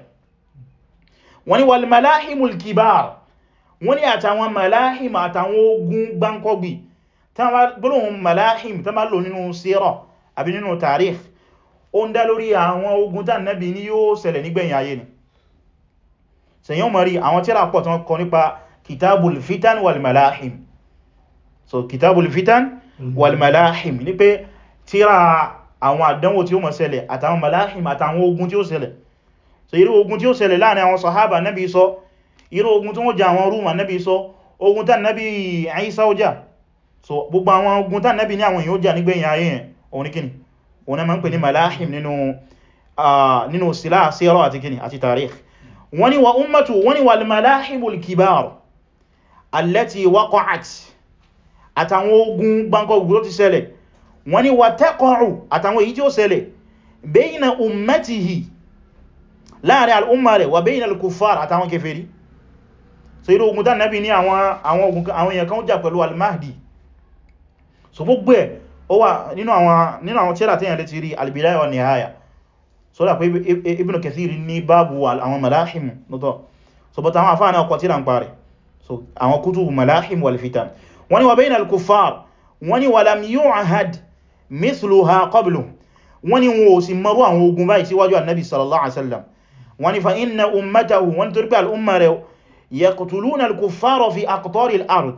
wọ́n ní wal malahimul kibar wọ́n ní àtàwọn malahim àtàwọn ogun gbáǹkọ́gbì gbọ́lọ̀hun malahim tán bá lò nínú sírà àbí nínú tarikh ó ń dá lórí àwọn ogun tán nábi ní yóò ṣẹlẹ̀ nígbẹ̀yìn ayé ni so kitabul fitan wal malahim ní mhm. pé tírà àwọn àdánwò tí ó mọ̀ ṣẹlẹ̀ àtàwọn so irú ogun tí ó ṣẹlẹ̀ láàrin àwọn sahaba irú ogun tí wọ́n jà àwọn rúmà nẹ́bí sọ ogun tán nẹ́bí Ìsá ó jà so gbogbo àwọn ogun tán nẹ́bí ní àwọn èèyàn ó jà nígbẹ̀yìn ayé yẹn òun ní kíni òun náà ma ń pè ní malahim nínú sílá síọ́rọ̀ àti kíni àti tarikh wọ́n ni wa ummatu wọ́n ni wa malahimul kibar allati waqa'at láàrin al'umma rẹ̀ wa bayna al-kuffar àtàwọn kèfèrí so irú ogun tánàbí ní àwọn ogun àwọn èèyàn kan jà pẹ̀lú al-mahdi so gbogbo ẹ̀ ó wà nínú àwọn tírà tí èèyàn lè ti rí al-bidaya wa nihaya so dà pé ibn kathir ní báàbù àwọn malahim lọ́tọ̀ so bọ́ta àwọn afáànà ọkọ̀ tírà ń parí so àwọn kutubu malahim wal fitan wọ́n wa bayna al-kuffar wọ́n wa lam yu'had mithluha qablu wọ́n ní wọn ò sì mọ́rú àwọn ogun báyìí annabi sallallahu alaihi wasallam wọ́n fa inna ummatahu wọ́n torí pé al'umma rẹ̀ yaqtuluna al-kuffara fi aqtari al-ard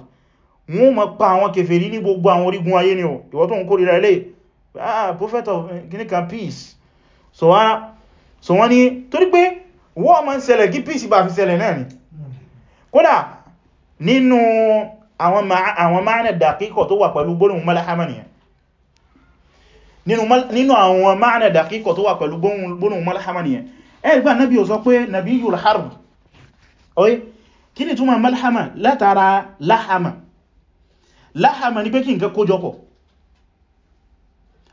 wọ́n ma pa àwọn kèfèrí ní gbogbo àwọn orígun ayé ni o ìwọ tó ń kórìíra ilé ah prophet of eh, kìníkà peace so ah, wọ́n ni torí pé wọ́n ma ń ṣẹlẹ̀ kí peace bá fi ṣẹlẹ̀ náà ni kódà nínú àwọn ma'ana dàkíkọ̀ tó wà pẹ̀lú gbóhùn malahama nìyàn nínú àwọn ma'ana dàkíkọ̀ tó wà pẹ̀lú gbóhùn malahama nìyàn ẹgbà nabi ò sọ pé nabi yul harb oye kí ni túnmà malhama látara láhama láhama ni pé kí nǹkan kójọpọ̀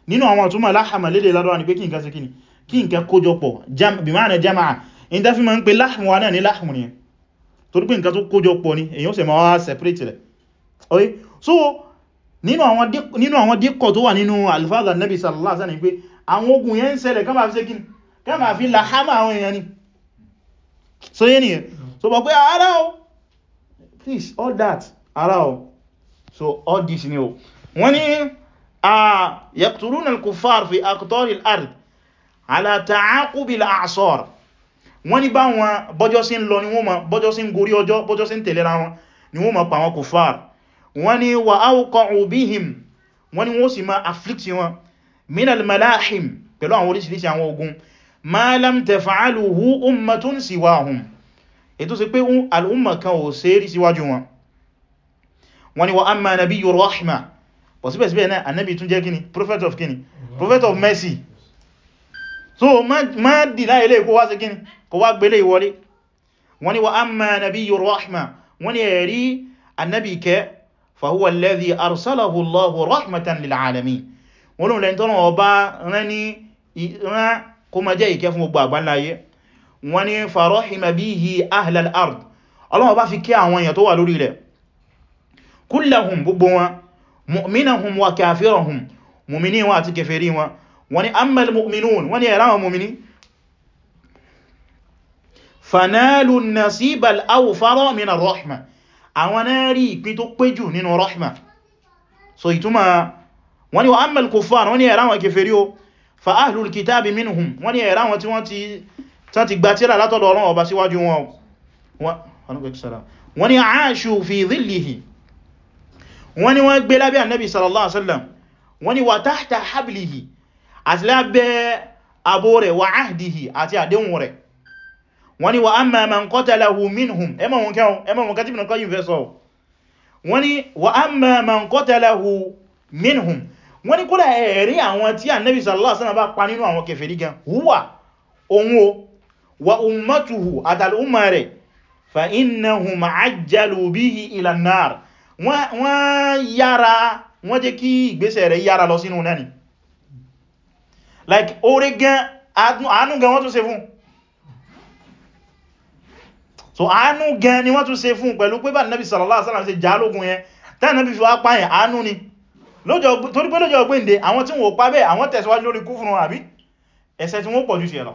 nínú àwọn àtúnmà láhama lédè lárọ́ ni pé kí nǹkan sí kíni kí nǹkan kójọpọ̀ bí máa na jama'a in ta fi ma ń pe láhùn wa náà ní láhùn ni torí pé nǹkan tó kójọpọ̀ ni èyàn sì ma wá separate rẹ̀ oye so nínú àwọn díkọ̀ tó wà nínú alifáàdà nabi sallallahu alaihi wasallam pé àwọn ogun yẹn ń ṣẹlẹ̀ kán bá fi láhàmà àwọn èèyàn ni so yẹ́ nìyẹn so bọ̀ pé ara o please all that ara o so all this ni o wọ́n ni a yaqtuluna al-kuffar fi aqtar al-ard ala ta'aqub al-a'sar wọ́n ni bá wọn bọ́jọ́ sí ń lọ ni wọ́n ma bọ́jọ́ sí ń gorí ọjọ́ bọ́jọ́ sí ń tẹ̀lera wọn ni wọ́n ma pa wọn kuffar wọ́n ni wa awqa'u bihim wọ́n ni wọ́n sì ma afflict wọn min al pẹ̀lú àwọn oríṣiríṣi àwọn ogun ma lam taf'aluhu ummatun siwahum ètò sí pé al'umma kan ò ṣe rí síwájú wọn wọ́n ni wa amma nabiyyu rahma bọ̀ síbẹ̀síbẹ̀ náà annabi tún jẹ́ kíni prophet of kíni prophet of mercy so ma dì láì ilé kó wá sí kíni kó wá gbélé ìwọlé wọ́n ni wa amma nabiyyu rahma wọ́n ni ẹ̀rí annabi kẹ fahuwa alladhi arsalahu rahmatan lil alamin wọ́n lóun lẹ́ntọ́nà ọba rán ní ìran kó ma jẹ́ ìkẹ́ fún gbogbo àgbáláyé wọ́n ni farahima bihi ahlal ard ọlọ́wọ́ bá fi kí àwọn èèyàn tó wà lórí rẹ̀ kullahum gbogbo wọn mu'minahum wa kafirahum mu'mini wọn àti kèfèrí wọn wọ́n ni ammal mu'minun wọ́n ni ẹ̀rá wọn mu'mini fanalu nasibal awfara min ar-rahma àwọn náà rí ìpín tó ni wa ammal kuffar wọ́n ni ẹ̀rá tán ti gba tíra látọ̀dọ̀ Ọlọ́run ọba síwájú wọn wọ́n ni aashu fi dhillihi wọ́n ni wọ́n gbé lábẹ́ annabi sallallahu alaihi wasallam wọ́n ni wa tahta hablihi àti lábẹ́ abó rẹ̀ wa ahdihi àti àdéhùn rẹ̀ wọ́n ni wa amma man qatalahu minhum ẹmọ̀wọ̀n kẹtí mìnà kọ́yìn fẹ́ sọ wọ́n ni wa amma man qatalahu minhum wọ́n ni kúrẹ̀ ẹ̀rí àwọn tí annabi sallallahu alaihi wasallam bá pa nínú àwọn kèfèrí gan huwa ohun o wa ummatuhu atal'umma rẹ̀ fa innahum ajjalu bihi ila an-nar wọ́n yára wọ́n jẹ́ kí ìgbésẹ̀ rẹ̀ yára lọ sínú náà ni like oore gan àánú gan wọ́n tún ṣe fún so àánú gan ni wọ́n tún ṣe fún pẹ̀lú pé bá nabi sallallahu alaihi wasallam ṣe jálógún yẹn tá nabi fi wá páyẹ̀ àánú ni torí pé lọ́jọ́ ọgbẹ́ǹde àwọn tí wọ́n pa bẹ́ẹ̀ àwọn tẹ̀síwájú lórí kúfùrún àbí ẹ̀ṣẹ̀ tí wọ́n pọ̀ sí ẹ̀ lọ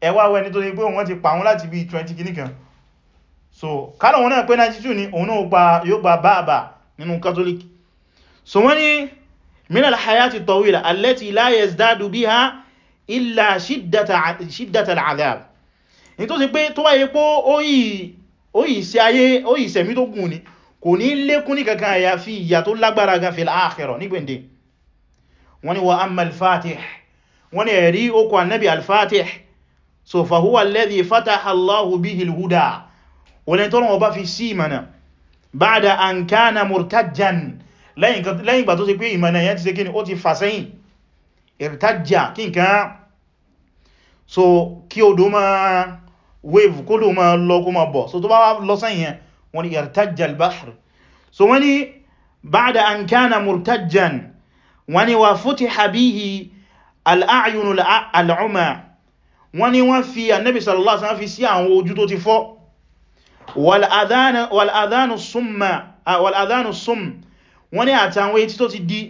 ẹ wá wẹni tó lè pé wọ́n ti pa láti bí 20 kìíní kan so kánà wọn náà pé 92 ni òun náà yóò gba bàbà nínú catholic so wọ́n ni minal hayati tawila allati la yazdadu biha illa shiddata al'adab ní tó sì pé tó wáyé pé ó yìí sí ayé ó yìí sẹ̀mí tó gùn ni kò ní lékún ní kankan àyà fi ìyà tó lágbára gan fil akhirah ní gbẹ̀ndẹ̀ wọ́n amma al wọ́n ni ẹ̀rí okò annabi al so fahuwa alladhi fataha Allahu bihi al-huda wọ́n tó rán ọba fi sí ìmọ̀nà ba'da an kana murtajjan lẹ́yìn ìgbà tó ṣe pé ìmọ̀nà yẹn ti ṣe kíni ó ti fà sẹ́yìn irtajja kí nǹkan so kí odò ma wave kó lò ma lọ kó ma bọ̀ so tó bá lọ sẹ́yìn yẹn wọ́n ni irtajja al-bahr so wọ́n ní wọ́n fi annabi sallallahu alaihi wasallam fi sí àwọn ojú tó ti fọ́ wàl'adánù sum wọ́n ní àtàwọn etí tó ti di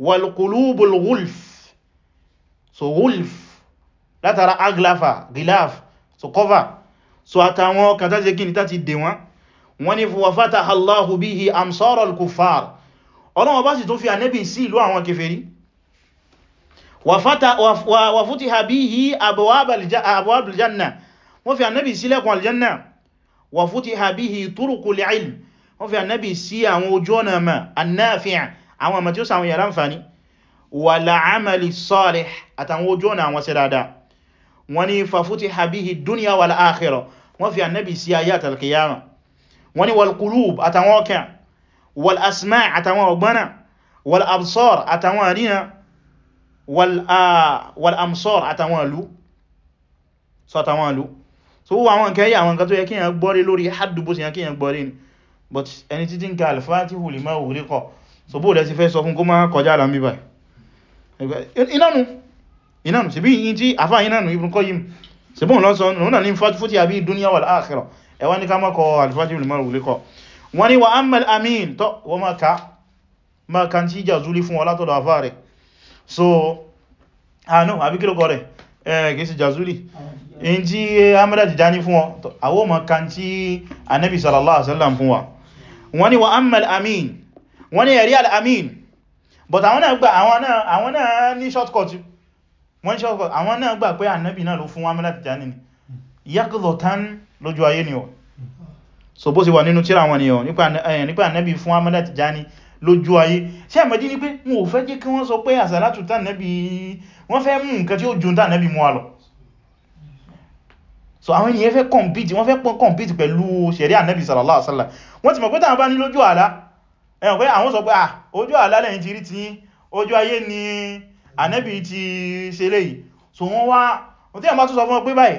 wàl'kulúbul wulf so wulf látara aglafa gilaf so cover so àtàwọn kàtàzẹ̀ kí ni tá ti dè wọ́n wọ́n ní fún wafata allahu bihi amsọ́rọ̀ kufar ọlọ́wọ́ bá sì tó fi annabi sí ìlú àwọn kèfèrí wa futiha bihi abwabul janna wọ́n fi annabi sílẹ̀kùn aljanna wa futiha bihi turuqul ilm wọ́n fi annabi sí àwọn ojú ọ̀nà ma annafi'a àwọn ọmọ tí ó sàwọn yàrá ǹfàní wal amali salih àtàwọn ojú ọ̀nà àwọn sí dáadáa wọ́n ni fa futiha bihi dunya wal akhirah wọ́n fi wal-amsar àtàwọn ìlú so àtàwọn ìlú so wọ́n àwọn nǹkan yà àwọn nǹkan tó yẹ kí yàn gbọ́rí lórí haddubo sí yàn kí yàn gbọ́rí ni but ẹni títí ń ka al-Fatihu lima ughliqa so bóòlẹ̀ sí fẹ́ sọ fún kó má kọjá àlàmì báyìí inanu inanu ṣebí yìí tí àfá inanu Ibn Qayyim ṣe bóòn lọ sọ nùnà ní fàtífútí àbí dunya wal akhirah ẹwà ní ká mọ́kọ̀ al-Fatihu lima ughliqa wọ́n ni wa amma amin tó wọ́n ma ka ma kan tí ìjà zúlí fún ọlátọ̀dọ̀ àfá rẹ̀ so àánú àbíkílòkọ rẹ̀ kìí sí jazuli in jí amada Tijani fún wọn àwọ́ ma kan tí anabi sallallahu alaihi wasallam fún wa wọ́n ni wa Amal amin wọ́n ni real Amin but àwọn náà gbà àwọn náà ní shortcut wọ́n ní shortcut àwọn náà gbà pé anabi náà ló fún amada Tijani ni yakzo tan lójú ayé ni ọ so bó sì wà nínú tíra wọn ni ọ nípa anabi fún amada Tijani lójú ayé ṣe àmẹ́dí ní pé wọn ò fẹ́ jẹ́ kí wọ́n sọ pé àsàlátù tàn nẹ́bí wọ́n fẹ́ mú nǹkan tí ó jù tàn nẹ́bí mú wa lọ so àwọn ènìyàn fẹ́ compete wọ́n fẹ́ pọ́n compete pẹ̀lú ṣẹ̀rí ànẹ́bí sallallahu alaihi wasallam wọ́n ti mọ̀ pé tàbá ní lójú àlá ẹ̀wọ̀n pé àwọn sọ pé à ojú àlá lẹ́yìn ti rí ti ojú ayé ni ànẹ́bí ti ṣe léyìí so wọ́n wá wọ́n tí a máa tún sọ fún ọ pé báyìí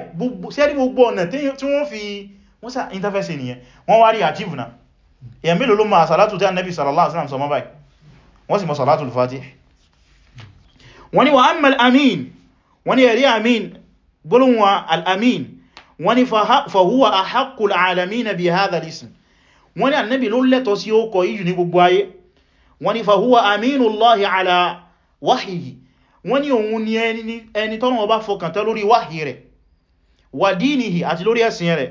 ṣẹ́rí gbogbo ọ̀nà èyàn mélòó ló ma àsàlátù tí annabi sallallahu alaihi wasallam sọ mọ́ báyìí wọ́n sì mọ́ sàlátù al-fatih wọ́n ni wa amma al-amin wọ́n ni ẹ̀rí amin gbólóhùn al-amin wọ́n ni fa huwa ahaqqu al-alamina bi hadha al-ism wọ́n ni annabi ló lẹ́tọ̀ sí ó kọ ní gbogbo ayé wọ́n ni fa aminullahi ala wahyi wọ́n ni òun ni ẹni tọ́nà ọba fọkàntán lórí wahyi rẹ̀ wa dinihi àti lórí ẹ̀sìn rẹ̀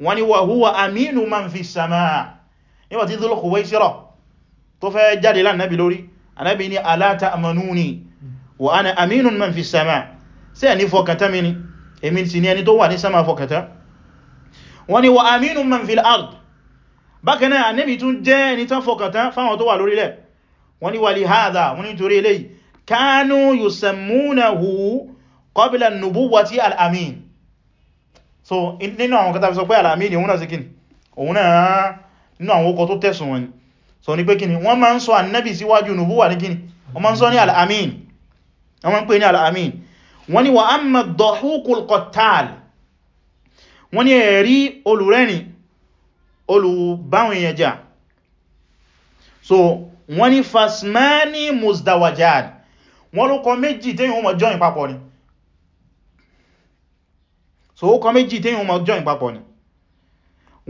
wọ́n ni wa aminu man fi samaa nígbàtí Dhul Khuwaysirah tó fẹ́ jáde lánàbí lórí anábi ni ala ta'manuni wa ana aminun man fi sama sí ẹni fọkàtà mi ni èmi sì ni ẹni tó wà ní sama fọkàtà wọ́n ni wa aminun man fil ard bákanáà anábi tún jẹ́ ẹni tán fọkàtà fáwọn tó wà lórílẹ̀ wọ́n wọ́n ni torí eléyìí so nínú àwọn kátàfi sọ pé al-amin ni náà nínú àwọn okọ tó tẹ̀sùn wọn sọ ní pé kíni wọ́n máa ń sọ annabi síwájú nubuwa ní kíni wọ́n máa ń sọ ní al'amin wọ́n máa ń pè ní al'amin wọ́n ni wa amma dọ̀húkul kọtàl wọ́n ni ẹ̀rí olùrẹ́rin olùbáwọn so wọ́n fasmani muzdawajad wọ́n ló kọ méjì tẹ́yìn ọmọ jọin so ó kọ méjì tẹ́yìn ọmọ jọin papọ̀ ni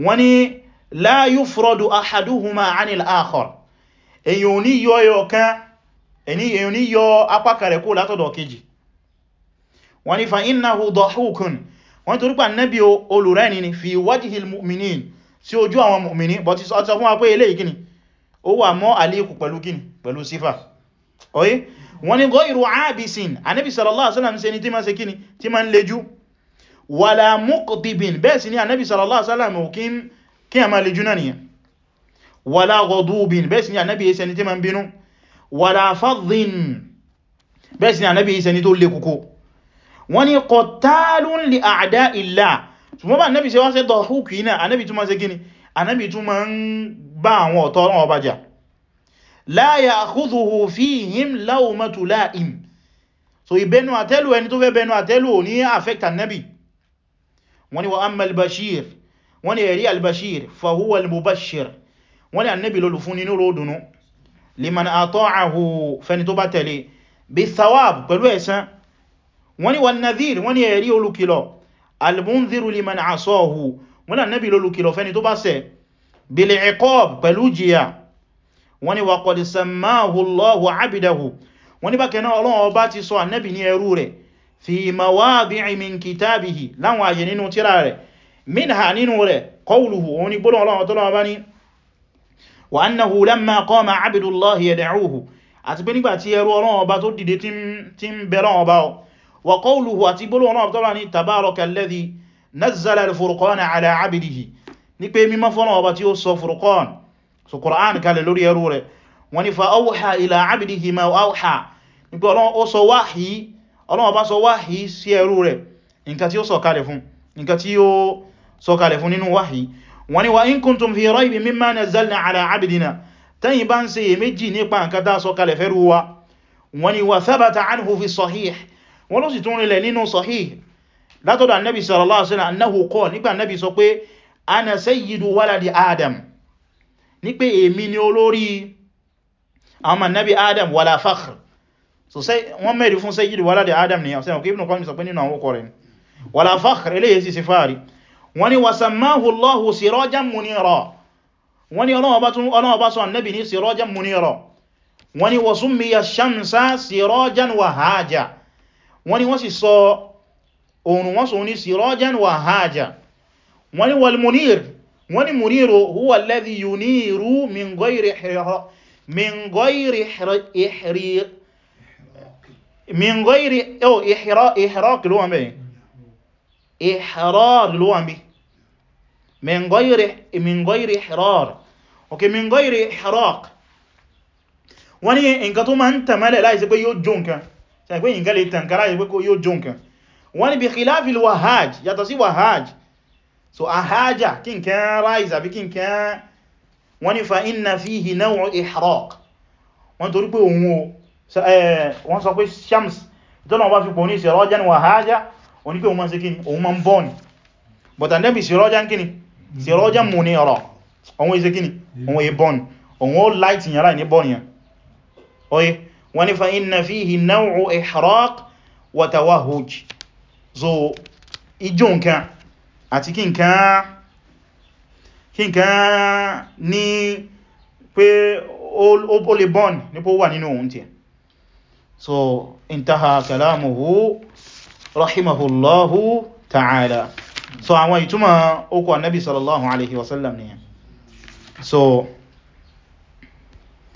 wọ́n ni la yufradu ahaduhuma anil akhar èyàn ò ní yọ ẹyọkan èyàn ò ní yọ apákan rẹ̀ kó látọ̀dọ̀ kejì wọ́n ní fa innahu dahukun wọ́n torí pa nẹ́bí olùrẹ́ni ni fi wajhil mu'minin sí ojú àwọn mu'mini but is ọ̀tọ̀ fún wa pé eléyìí kíni ó wà mọ́ àlékù pẹ̀lú kíni pẹ̀lú sífà oye wọ́n ní ghayru abisin anẹ́bí sallallahu alaihi wasallam ni tí ma ṣe sallallahu alaihi wasallam kí a máa lè júnà nìyàn wàlá ghadubin bẹ́ẹ̀ sì ni ànábì ẹsẹni tí ma ń bínú wàlá fadhin bẹ́ẹ̀ sì ni ànábì ẹsẹni tó lè kòkó wọ́n ni qatalun li a'da'illah ṣùgbọ́n bá ànábì wọ́n ni wa amma bashir wọ́n ní ẹ̀rí albashir fahuwa almubashir wọ́n ní annabi ló fún nínú ròdùnú liman ata'ahu fẹni tó bá tẹ̀lé bí thawab pẹ̀lú ẹ̀san wọ́n ní wan nadhir wọ́n ní ẹ̀rí olùkìlọ̀ albundhiru liman asahu wọ́n annabi ló lùkìlọ̀ fẹni tó bá ṣẹ̀ bil iqab pẹ̀lú jìyà wọ́n ní wa qad sammahu wọ́n ní bákẹ̀ náà Ọlọ́run ọba ti sọ annabi ní ẹrú rẹ̀ fi mawaadi'i min kitabihi láwọn àyè nínú tírà rẹ̀ minha nínú rẹ̀ qawluhu òun ni gbọ́nà ọlọ́wọ́ tó lọ́wọ́ bá ní wa annahu lamma qama abdullahi yad'uhu àti pé nígbà tí ẹrú ọlọ́wọ́ ọba tó dìde tí ń bẹ̀rẹ̀ ọba ọ wa qawluhu àti gbọ́nà ọlọ́wọ́ tó lọ́wọ́ ní tabarakalladhi sọkalẹ̀ fún nínú wáhí wọ́n ni wa in kuntum fi raybin mimma nazzalna ala abdina tẹ́yìn bá ń ṣe iyèméjì nípa nǹkan tá sọkalẹ̀ fẹ́rú wa wọ́n ni wa thabata anhu fi sahih wọ́n ló sì tún rinlẹ̀ nínú sahih látọ̀dọ̀ annabi sallallahu alaihi wasallam annahu qala nígbà annabi sọ pé ana sayyidu waladi adam ní pé èmi ni olórí àwọn annabi adam wala fakhr so sai wọ́n mẹ́rin ibn Qayyim sọ pé nínú àwọn ọkọ̀ rẹ̀ wala fakhr eléyìí sí fàárí wọ́n ni wasammahu Allahu sirajan munira wọ́n ni ọlọ́wọ́ bá sọ annabi ní sirajan munira wọ́n ni wa summiya shamsa sirajan wahaja wọ́n ni wọ́n sì sọ oòrùn wọ́n sọ ní sirajan wahaja wọ́n ni wal munir wọ́n ni muniru huwa alladhi yuniru min ghayri min ghayri ihri min ghayri ihraq ló wọ́n bẹ̀yìn ihrar ló wọ́n bẹ̀yìn من غير من غير احرار اوكي من غير احراق wọ́n ní nǹkan tó máa ń tàmẹ́lẹ̀ láìsí pé yóò jó nǹkan ṣe pé nǹkan lè tànkà láìsí pé yóò jó nǹkan wọ́n ní bí khilafil wahaj yàtọ̀ sí wahaj so ahaja kí nǹkan ráìs àbí kí nǹkan wọ́n ní fa inna fihi naw'u ihraq wọ́n torí pé òun o wọ́n sọ pé shams ìtọ́nà fi pọ̀ ní sirajan siraja munira ọ̀wọ́n iṣẹ́ kíni ọ̀wọ́n ìbọn ọ̀wọ́n ó láìtì yàrá ní bọ́n yàn oye wọ́n ni fa inna fihi naw'u ihraq wa tawahhuj so ijó nǹkan àti kí nǹkan ní pé rahimahullahu ta'ala so àwọn ìtumọ̀ okò annabi sallallahu alaihi wasallam nìyẹn so